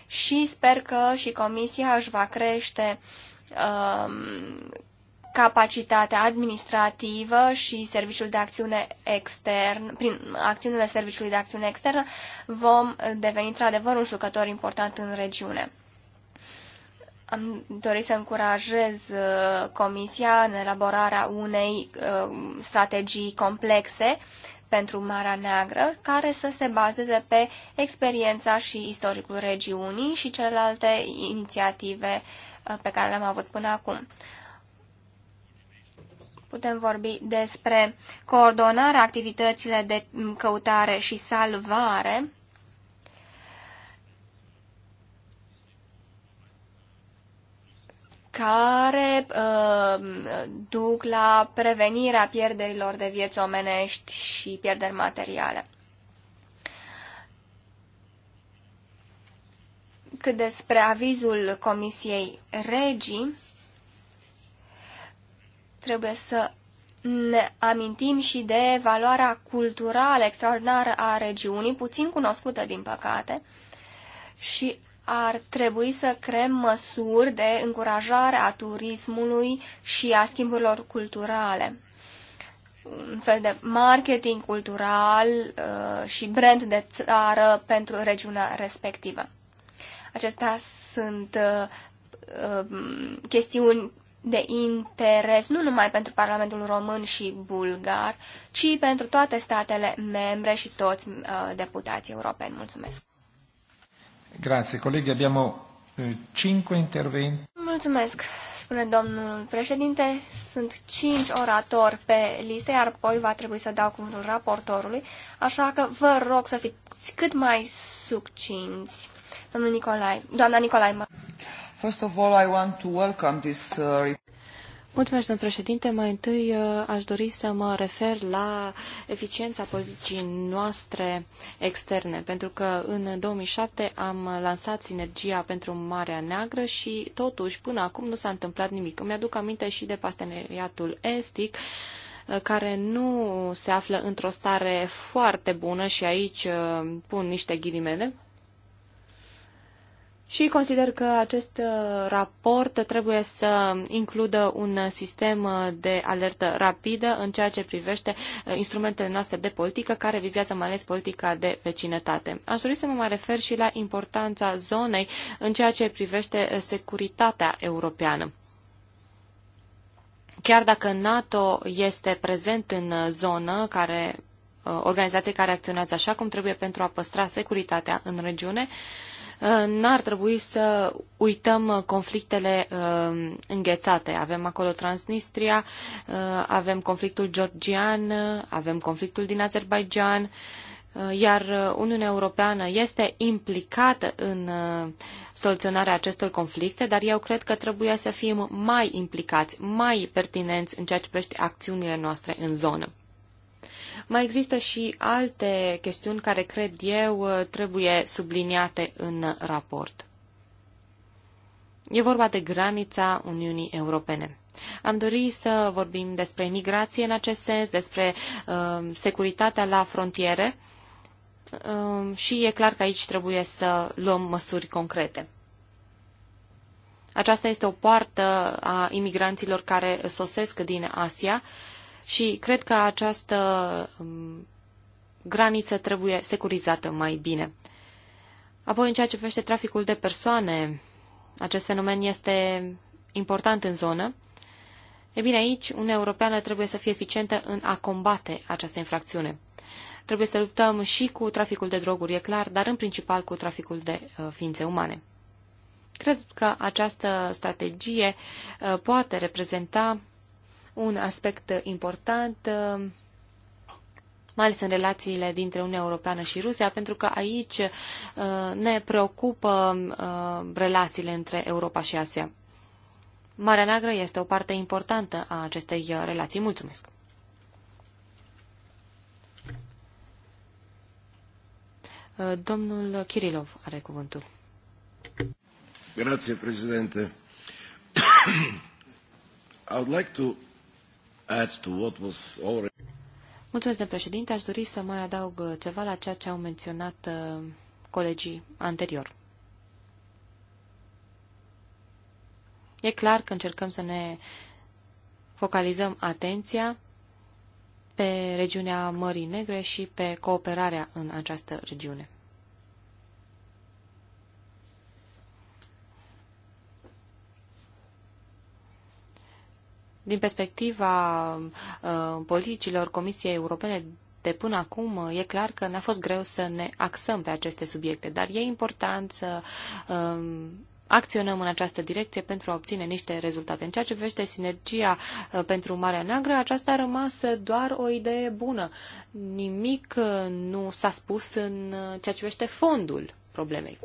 și sper că și comisia își va crește uh, Um, capacitatea administrativă și serviciul de acțiune extern, prin acțiunile serviciului de acțiune externă, vom deveni într-adevăr un jucător important în regiune. Am dorit să încurajez uh, Comisia în elaborarea unei uh, strategii complexe pentru Marea Neagră, care să se bazeze pe experiența și istoricul regiunii și celelalte inițiative uh, pe care le-am avut până acum. Putem vorbi despre coordonarea activitățile de mm, căutare și salvare, care uh, duc la prevenirea pierderilor de vieți omenești și pierderi materiale. Cât despre avizul Comisiei Regii, trebuie să ne amintim și de valoarea culturală extraordinară a regiunii, puțin cunoscută din păcate, și ar trebui să creăm măsuri de încurajare a turismului și a schimburilor culturale. Un fel de marketing cultural uh, și brand de țară pentru regiunea respectivă. Acestea sunt uh, um, chestiuni de interes nu numai pentru Parlamentul Român și Bulgar, ci pentru toate statele membre și toți uh, deputații europeni. Mulțumesc! Grazie, colleghi. Abbiamo eh, cinque interventi. Mulțumesc, spune domnul președinte. Sunt cinci oratori pe listă, iar apoi va trebui să dau cuvântul raportorului, așa că vă rog să fiți cât mai succinți. Domnul Nicolai, doamna Nicolai. First of all, I want to welcome this uh, Mulțumesc, domnul președinte. Mai întâi uh, aș dori să mă refer la eficiența politicii noastre externe, pentru că în 2007 am lansat sinergia pentru Marea Neagră și totuși până acum nu s-a întâmplat nimic. Îmi aduc aminte și de parteneriatul estic, uh, care nu se află într-o stare foarte bună și aici uh, pun niște ghilimele, și consider că acest uh, raport trebuie să includă un sistem uh, de alertă rapidă în ceea ce privește uh, instrumentele noastre de politică, care vizează mai ales politica de vecinătate. Aș dori să mă mai refer și la importanța zonei în ceea ce privește securitatea europeană. Chiar dacă NATO este prezent în zonă, care, organizație care acționează așa cum trebuie pentru a păstra securitatea în regiune, Uh, n-ar trebui să uităm uh, conflictele uh, înghețate. Avem acolo Transnistria, avem conflictul georgian, avem conflictul din Azerbaijan, iar Uniunea Europeană este implicată în soluționarea acestor conflicte, dar eu cred că trebuie să fim mai implicați, mai pertinenți în ceea ce privește acțiunile noastre în zonă. Mai există și alte chestiuni care, cred eu, trebuie subliniate în raport. E vorba de granița Uniunii Europene. Am dorit să vorbim despre migrație în acest sens, despre uh, securitatea la frontiere uh, și e clar că aici trebuie să luăm măsuri concrete. Aceasta este o poartă a imigranților care sosesc din Asia și cred că această um, graniță trebuie securizată mai bine. Apoi, în ceea ce privește traficul de persoane, acest fenomen este important în zonă. E bine, aici Uniunea Europeană trebuie să fie eficientă în a combate această infracțiune. Trebuie să luptăm și cu traficul de droguri, e clar, dar în principal cu traficul de uh, ființe umane. Cred că această strategie uh, poate reprezenta un aspect important, mai ales în relațiile dintre Uniunea Europeană și Rusia, pentru că aici uh, ne preocupă uh, relațiile între Europa și Asia. Marea Neagră este o parte importantă a acestei uh, relații. Mulțumesc! Domnul Kirilov are cuvântul. Grazie, președinte. I would like to add Mulțumesc, președinte. Aș dori să mai adaug uh, ceva la ceea ce au menționat uh, colegii anterior. E clar că încercăm să ne focalizăm atenția pe regiunea Mării Negre și pe cooperarea în această regiune. Din perspectiva uh, politicilor Comisiei Europene de până acum, uh, e clar că ne-a fost greu să ne axăm pe aceste subiecte, dar e important să um, acționăm în această direcție pentru a obține niște rezultate. În ceea ce privește sinergia uh, pentru Marea Neagră, aceasta a rămas doar o idee bună. Nimic nu s-a spus în ceea ce privește fondul problemei.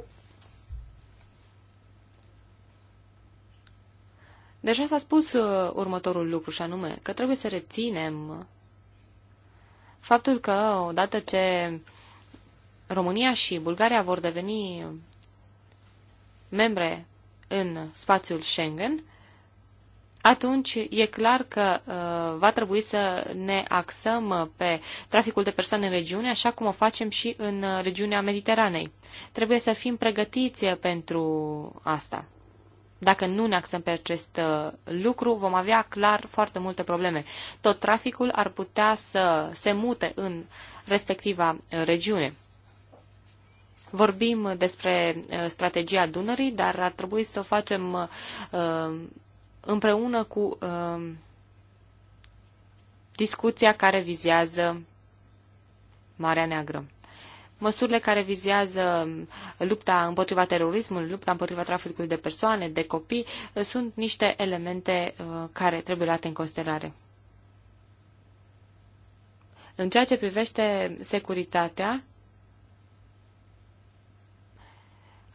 Deja s-a spus uh, următorul lucru și anume că trebuie să reținem faptul că odată ce România și Bulgaria vor deveni membre în spațiul Schengen, atunci e clar că uh, va trebui să ne axăm pe traficul de persoane în regiune, așa cum o facem și în uh, regiunea Mediteranei. Trebuie să fim pregătiți pentru asta. Dacă nu ne axăm pe acest uh, lucru, vom avea clar foarte multe probleme. Tot traficul ar putea să se mute în respectiva uh, regiune. Vorbim despre uh, strategia Dunării, dar ar trebui să o facem împreună cu discuția care vizează Marea Neagră. Măsurile care vizează lupta împotriva terorismului, lupta împotriva traficului de persoane, de copii, uh, sunt niște elemente uh, care trebuie luate în considerare. În ceea ce privește securitatea,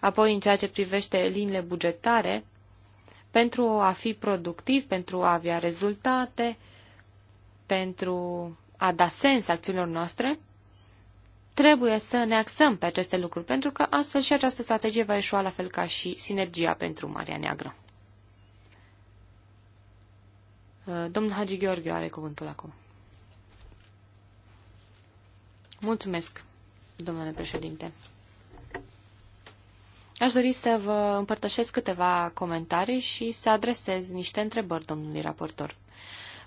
apoi în ceea ce privește liniile bugetare, pentru a fi productiv, pentru a avea rezultate, pentru a da sens acțiunilor noastre, Trebuie să ne axăm pe aceste lucruri, pentru că astfel și această strategie va ieșua la fel ca și sinergia pentru Marea Neagră. Uh, domnul Hagi Gheorghe are cuvântul acum. Mulțumesc, domnule președinte. Aș dori să vă împărtășesc câteva comentarii și să adresez niște întrebări domnului raportor.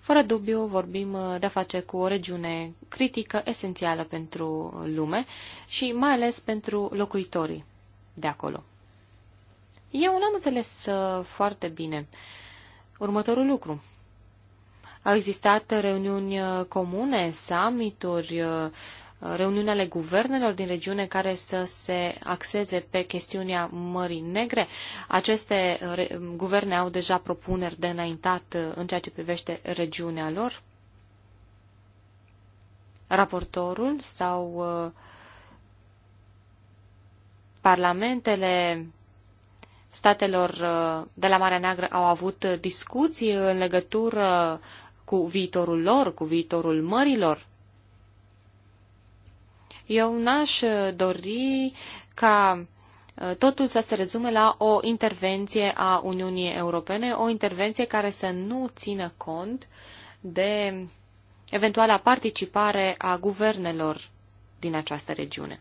Fără dubiu, vorbim uh, de-a face cu o regiune critică, esențială pentru lume și mai ales pentru locuitorii de acolo. Eu n-am înțeles uh, foarte bine următorul lucru. Au existat reuniuni uh, comune, summituri, reuniuni ale guvernelor din regiune care să se axeze pe chestiunea Mării Negre. Aceste uh, guverne au deja propuneri de înaintat uh, în ceea ce privește regiunea lor. Raportorul sau uh, parlamentele statelor de la Marea Neagră au avut discuții în legătură cu viitorul lor, cu viitorul mărilor. Eu n-aș uh, dori ca uh, totul să se rezume la o intervenție a Uniunii Europene, o intervenție care să nu țină cont de eventuala participare a guvernelor din această regiune.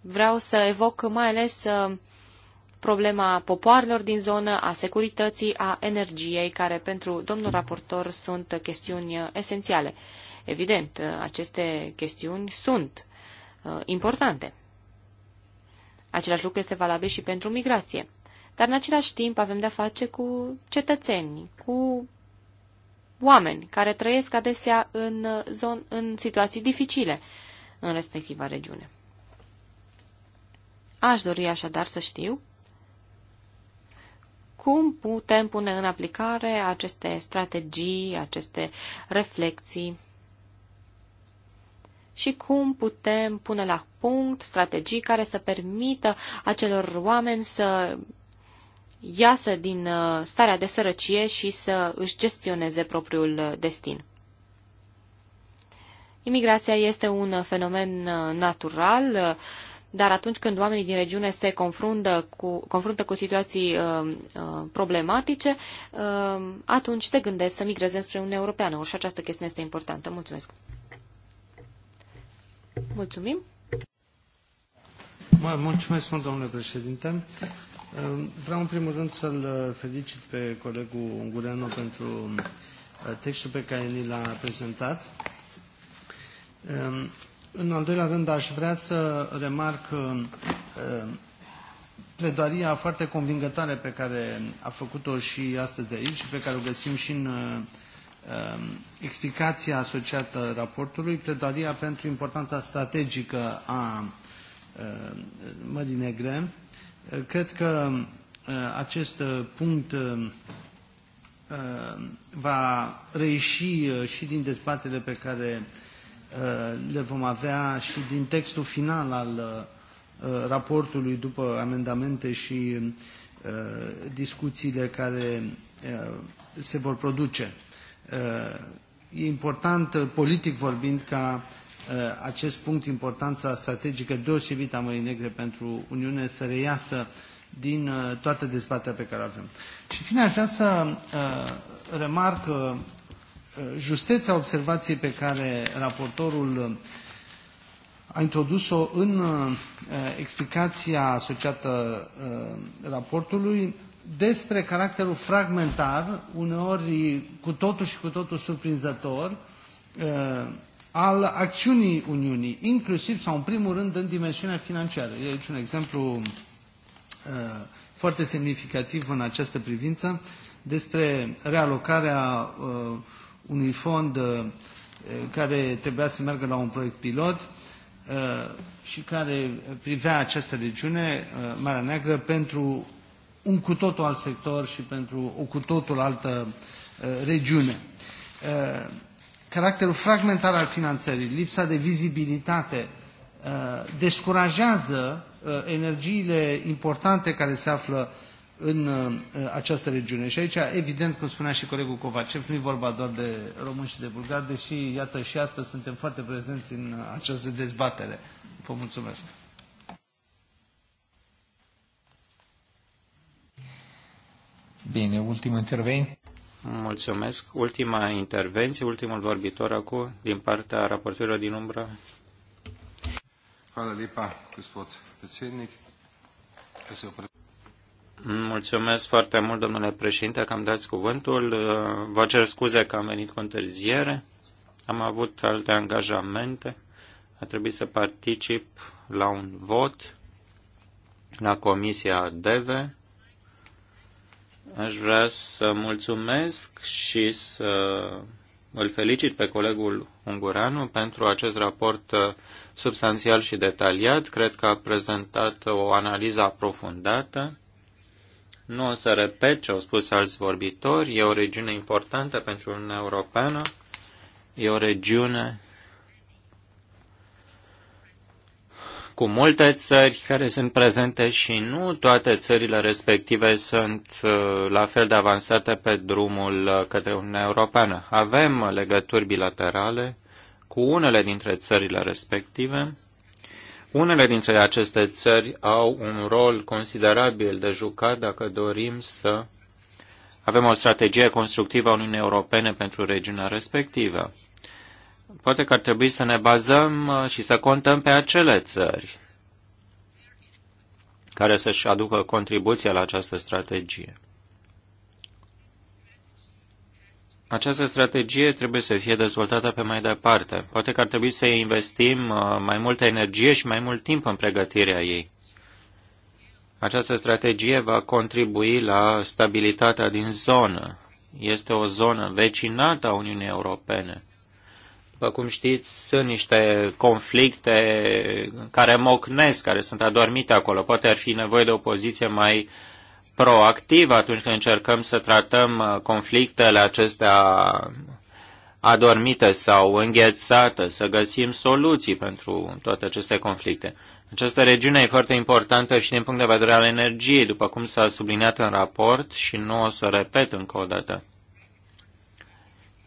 Vreau să evoc mai ales uh, problema popoarelor din zonă, a securității, a energiei, care pentru domnul raportor sunt chestiuni uh, esențiale. Evident, uh, aceste chestiuni sunt uh, importante. Același lucru este valabil și pentru migrație. Dar în același timp avem de-a face cu cetățeni, cu oameni care trăiesc adesea în, zon, în situații dificile în respectiva regiune. Aș dori așadar să știu cum putem pune în aplicare aceste strategii, aceste reflexii și cum putem pune la punct strategii care să permită acelor oameni să iasă din uh, starea de sărăcie și să își gestioneze propriul uh, destin. Imigrația este un uh, fenomen natural dar atunci când oamenii din regiune se confruntă cu, confruntă cu situații uh, uh, problematice, uh, atunci se gândesc să migreze spre Uniunea Europeană. și această chestiune este importantă. Mulțumesc! Mulțumim! Mă, mulțumesc mult, domnule președinte. Uh, vreau în primul rând să-l felicit pe colegul Ungureanu pentru uh, textul pe care ni l-a prezentat. Uh, în al doilea rând, aș vrea să remarc uh, pledoaria foarte convingătoare pe care a făcut-o și astăzi de aici și pe care o găsim și în uh, uh, explicația asociată raportului, pledoaria pentru importanța strategică a Mării Negre. Cred că acest punct va reieși și din dezbatere pe care Uh, le vom avea și din textul final al uh, raportului după amendamente și uh, discuțiile care se vor produce. E important, politic vorbind, ca acest punct, importanța strategică deosebită a Mării Negre pentru Uniune să reiasă din toată dezbaterea pe care o avem. Și în fine, aș vrea să remarc justețea observației pe care raportorul uh, a introdus-o în uh, explicația asociată uh, raportului despre caracterul fragmentar, uneori cu totul și cu totul surprinzător, al acțiunii Uniunii, inclusiv sau în primul rând în dimensiunea financiară. E aici un exemplu foarte semnificativ în această privință despre realocarea uh, unui fond uh, care trebuia să meargă la un proiect pilot uh, și care privea această regiune, uh, Marea Neagră, pentru un cu totul alt sector și pentru o cu totul altă regiune. Caracterul fragmentar al finanțării, lipsa de vizibilitate, descurajează energiile importante care se află în uh, uh, această regiune. Și aici, evident, cum spunea și colegul Covacev, nu e vorba doar de români și de bulgari, deși, iată, și astăzi suntem foarte prezenți în uh, această dezbatere. Vă mulțumesc! Bine, ultimul intervenție. Mulțumesc. Ultima intervenție, ultimul vorbitor acum din partea raportorilor din umbră. Hvala lepa, gospod predsednik. Mulțumesc foarte mult, domnule președinte, că am dat cuvântul. Vă cer scuze că am venit cu întârziere. Am avut alte angajamente. A trebuit să particip la un vot la Comisia DEVE. Aș vrea să mulțumesc și să îl felicit pe colegul Ungureanu pentru acest raport uh, substanțial și detaliat. Cred că a prezentat o analiză aprofundată nu o să repet ce au spus alți vorbitori. E o regiune importantă pentru Uniunea Europeană. E o regiune cu multe țări care sunt prezente și nu toate țările respective sunt uh, la fel de avansate pe drumul uh, către Uniunea Europeană. Avem legături bilaterale cu unele dintre țările respective unele dintre aceste țări au un rol considerabil de jucat dacă dorim să avem o strategie constructivă a Uniunii Europene pentru regiunea respectivă. Poate că ar trebui să ne bazăm uh, și să contăm pe acele țări care să-și aducă contribuția la această strategie. Această strategie trebuie să fie dezvoltată pe mai departe. Poate că ar trebui să investim uh, mai multă energie și mai mult timp în pregătirea ei. Această strategie va contribui la stabilitatea din zonă. Este o zonă vecinată a Uniunii Europene. După cum știți, sunt niște conflicte care mocnesc, care sunt adormite acolo. Poate ar fi nevoie de o poziție mai uh, proactiv atunci când încercăm să tratăm uh, conflictele acestea adormite sau înghețate, să găsim soluții pentru toate aceste conflicte. Această regiune e foarte importantă și din punct de vedere al energiei, după cum s-a subliniat în raport și nu o să repet încă o dată.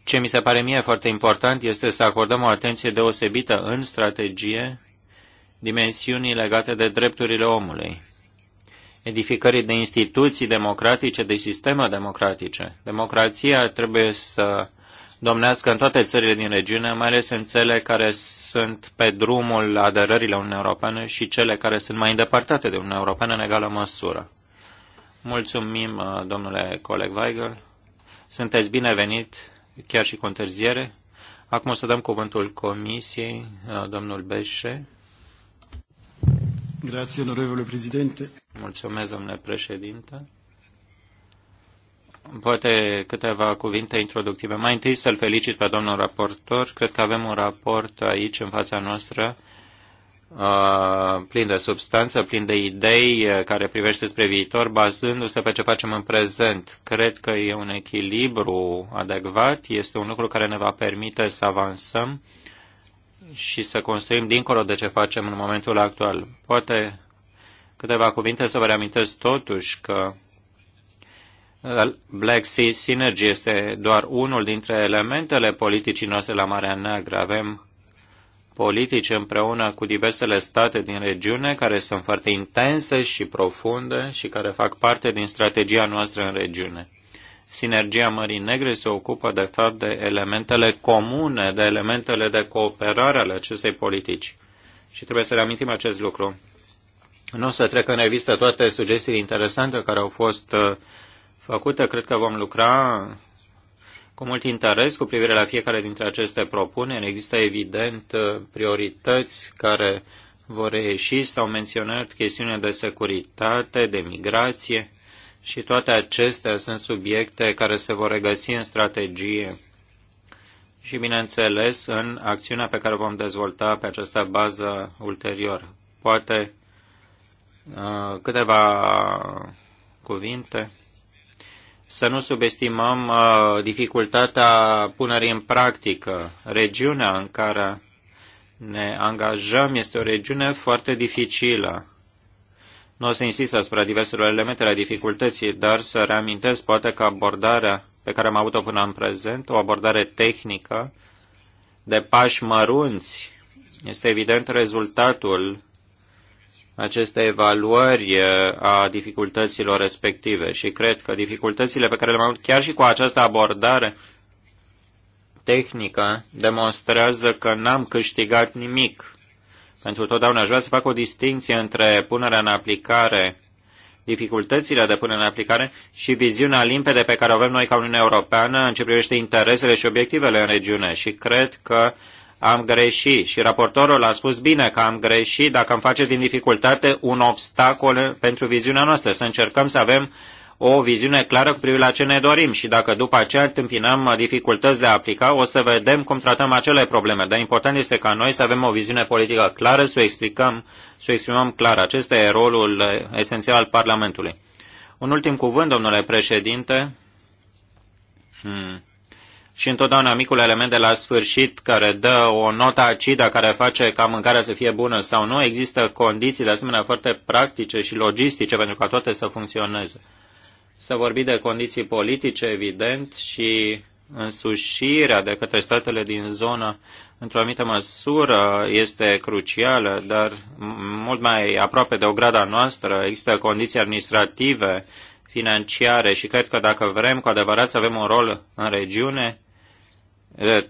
Ce mi se pare mie foarte important este să acordăm o atenție deosebită în strategie dimensiunii legate de drepturile omului edificării de instituții democratice, de sisteme democratice. Democrația trebuie să domnească în toate țările din regiune, mai ales în țele care sunt pe drumul aderării la Uniunea Europeană și cele care sunt mai îndepărtate de Uniunea Europeană în egală măsură. Mulțumim, uh, domnule coleg Weigel. Sunteți binevenit, chiar și cu întârziere. Acum o să dăm cuvântul Comisiei, uh, domnul Beșe. Grazie, onorevole Mulțumesc, domnule președinte. Poate câteva cuvinte introductive. Mai întâi să-l felicit pe domnul raportor. Cred că avem un raport aici în fața noastră plin de substanță, plin de idei care privește spre viitor, bazându-se pe ce facem în prezent. Cred că e un echilibru adecvat, este un lucru care ne va permite să avansăm și să construim dincolo de ce facem în momentul actual. Poate câteva cuvinte să vă reamintesc totuși că Black Sea Synergy este doar unul dintre elementele politicii noastre la Marea Neagră. Avem politici împreună cu diversele state din regiune care sunt foarte intense și profunde și care fac parte din strategia noastră în regiune. Sinergia Mării Negre se ocupă, de fapt, de elementele comune, de elementele de cooperare ale acestei politici. Și trebuie să reamintim acest lucru. Nu o să trec în revistă toate sugestiile interesante care au fost uh, făcute. Cred că vom lucra cu mult interes cu privire la fiecare dintre aceste propuneri. Există, evident, uh, priorități care vor ieși. S-au menționat chestiunea de securitate, de migrație și toate acestea sunt subiecte care se vor regăsi în strategie și, bineînțeles, în acțiunea pe care vom dezvolta pe această bază ulterior. Poate uh, câteva cuvinte. Să nu subestimăm uh, dificultatea punerii în practică. Regiunea în care ne angajăm este o regiune foarte dificilă nu o să insist asupra diverselor elemente ale dificultății, dar să reamintesc poate că abordarea pe care am avut-o până în prezent, o abordare tehnică de pași mărunți, este evident rezultatul acestei evaluări a dificultăților respective și cred că dificultățile pe care le-am avut chiar și cu această abordare tehnică demonstrează că n-am câștigat nimic pentru totdeauna. Aș vrea să fac o distinție între punerea în aplicare, dificultățile de punere în aplicare și viziunea limpede pe care o avem noi ca Uniunea Europeană în ce privește interesele și obiectivele în regiune. Și cred că am greșit și raportorul a spus bine că am greșit dacă am face din dificultate un obstacol pentru viziunea noastră, să încercăm să avem uh, o viziune clară cu privire la ce ne dorim și dacă după aceea întâmpinăm dificultăți de a aplica, o să vedem cum tratăm acele probleme. Dar important este ca noi să avem o viziune politică clară, să o explicăm, să o exprimăm clar. Acesta e rolul esențial al Parlamentului. Un ultim cuvânt, domnule președinte. Hmm. Și întotdeauna micul element de la sfârșit care dă o notă acidă care face ca mâncarea să fie bună sau nu, există condiții de asemenea foarte practice și logistice pentru ca toate să funcționeze. S-a vorbit de condiții politice, evident, și însușirea de către statele din zonă într-o anumită măsură este crucială, dar mult mai aproape de o grada noastră există condiții administrative, financiare și cred că dacă vrem cu adevărat să avem un rol în regiune,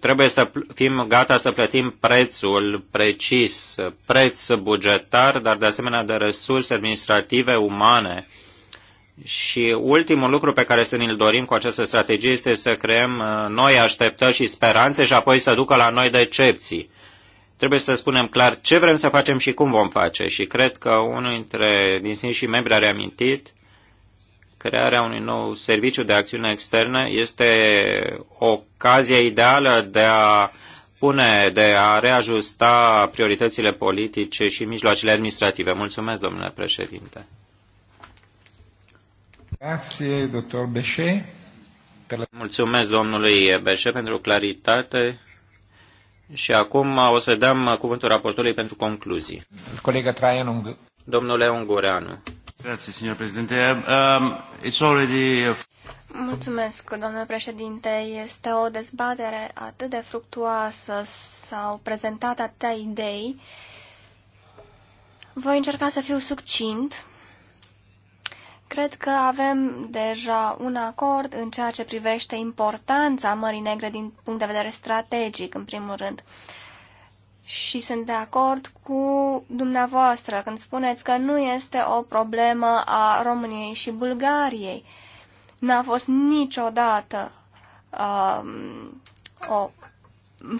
trebuie să fim gata să plătim prețul precis, preț bugetar, dar de asemenea de resurse administrative umane și ultimul lucru pe care să ne-l dorim cu această strategie este să creăm uh, noi așteptări și speranțe și apoi să ducă la noi decepții. Trebuie să spunem clar ce vrem să facem și cum vom face. Și cred că unul dintre și membri a reamintit crearea unui nou serviciu de acțiune externă este ocazia ideală de a pune, de a reajusta prioritățile politice și mijloacele administrative. Mulțumesc, domnule președinte. Grazie, Bechet. Mulțumesc domnului Beșe pentru claritate și acum o să dăm cuvântul raportului pentru concluzii. Colega Traian Ung. Domnule Ungureanu. Grazie, signor președinte. Um, it's already... Mulțumesc, domnule președinte. Este o dezbatere atât de fructuoasă, s-au prezentat atâtea idei. Voi încerca să fiu succint Cred că avem deja un acord în ceea ce privește importanța Mării Negre din punct de vedere strategic, în primul rând. Și sunt de acord cu dumneavoastră când spuneți că nu este o problemă a României și Bulgariei. N-a fost niciodată uh, o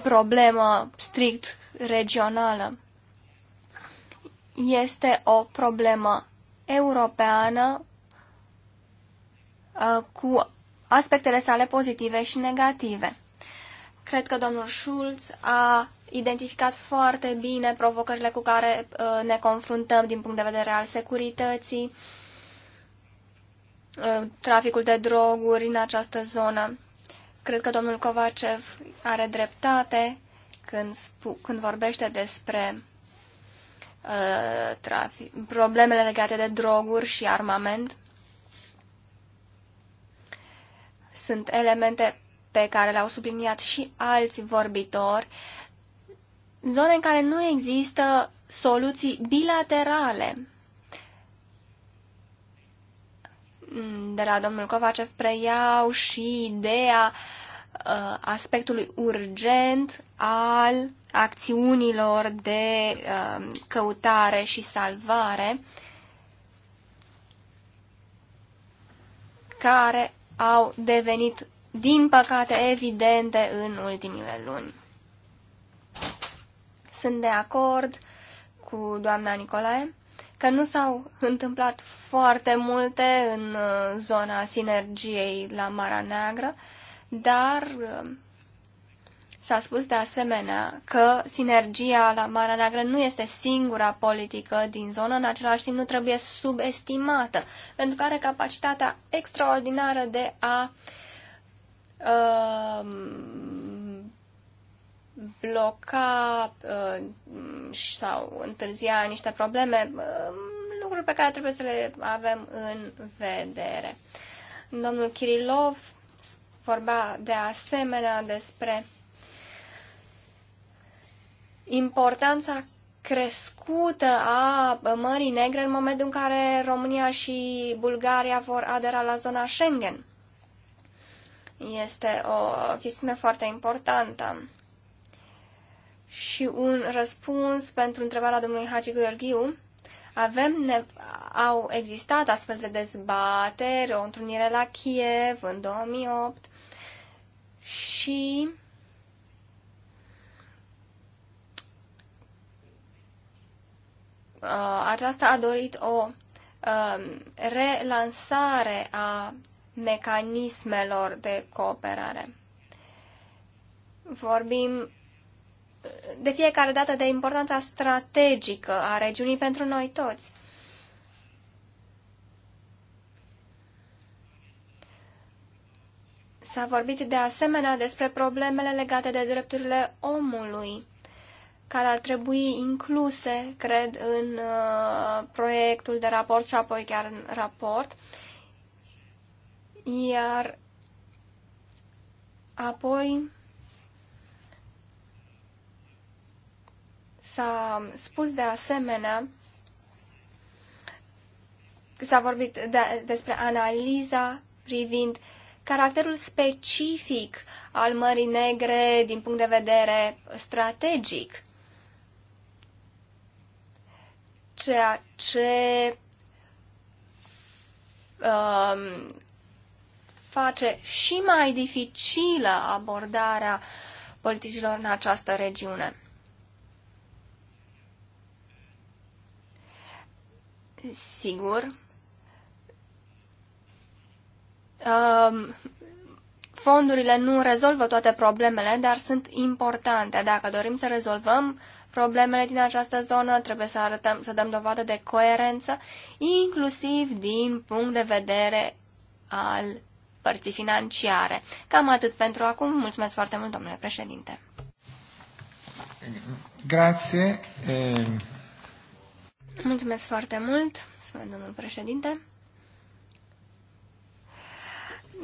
problemă strict regională. Este o problemă europeană Uh, cu aspectele sale pozitive și negative. Cred că domnul Schulz a identificat foarte bine provocările cu care uh, ne confruntăm din punct de vedere al securității, uh, traficul de droguri în această zonă. Cred că domnul Kovacev are dreptate când, când vorbește despre uh, problemele legate de droguri și armament. Sunt elemente pe care le-au subliniat și alți vorbitori, zone în care nu există soluții bilaterale. De la domnul Kovacev preiau și ideea uh, aspectului urgent al acțiunilor de uh, căutare și salvare care au devenit, din păcate, evidente în ultimile luni. Sunt de acord cu doamna Nicolae că nu s-au întâmplat foarte multe în uh, zona sinergiei la Marea Neagră, dar uh, S-a spus de asemenea că sinergia la Marea Neagră nu este singura politică din zonă, în același timp nu trebuie subestimată, pentru că are capacitatea extraordinară de a um, bloca uh, sau întârzia niște probleme, uh, lucruri pe care trebuie să le avem în vedere. Domnul Kirilov vorbea de asemenea despre importanța crescută a Mării Negre în momentul în care România și Bulgaria vor adera la zona Schengen. Este o chestiune foarte importantă. Și un răspuns pentru întrebarea domnului Hagi Gheorghiu. Avem ne- au existat astfel de dezbateri, o întrunire la Kiev în 2008 și Uh, aceasta a dorit o um, relansare a mecanismelor de cooperare. Vorbim de fiecare dată de importanța strategică a regiunii pentru noi toți. S-a vorbit de asemenea despre problemele legate de drepturile omului care ar trebui incluse, cred, în uh, proiectul de raport și apoi chiar în raport. Iar apoi s-a spus de asemenea s-a vorbit de, despre analiza privind caracterul specific al Mării Negre din punct de vedere strategic. ceea ce um, face și mai dificilă abordarea politicilor în această regiune. Sigur. Um, fondurile nu rezolvă toate problemele, dar sunt importante. Dacă dorim să rezolvăm problemele din această zonă, trebuie să, arătăm, să dăm dovadă de coerență, inclusiv din punct de vedere al părții financiare. Cam atât pentru acum. Mulțumesc foarte mult, domnule președinte. Grazie. Eh. Mulțumesc foarte mult, domnule domnul președinte.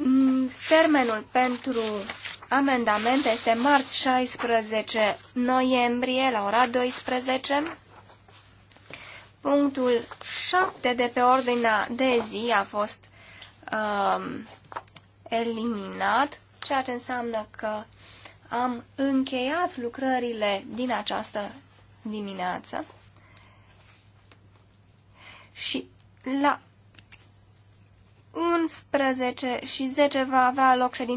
Mm, termenul pentru amendamente este marți 16 noiembrie la ora 12. Punctul 7 de pe ordinea de zi a fost um, eliminat, ceea ce înseamnă că am încheiat lucrările din această dimineață și la 11 și 10 va avea loc ședința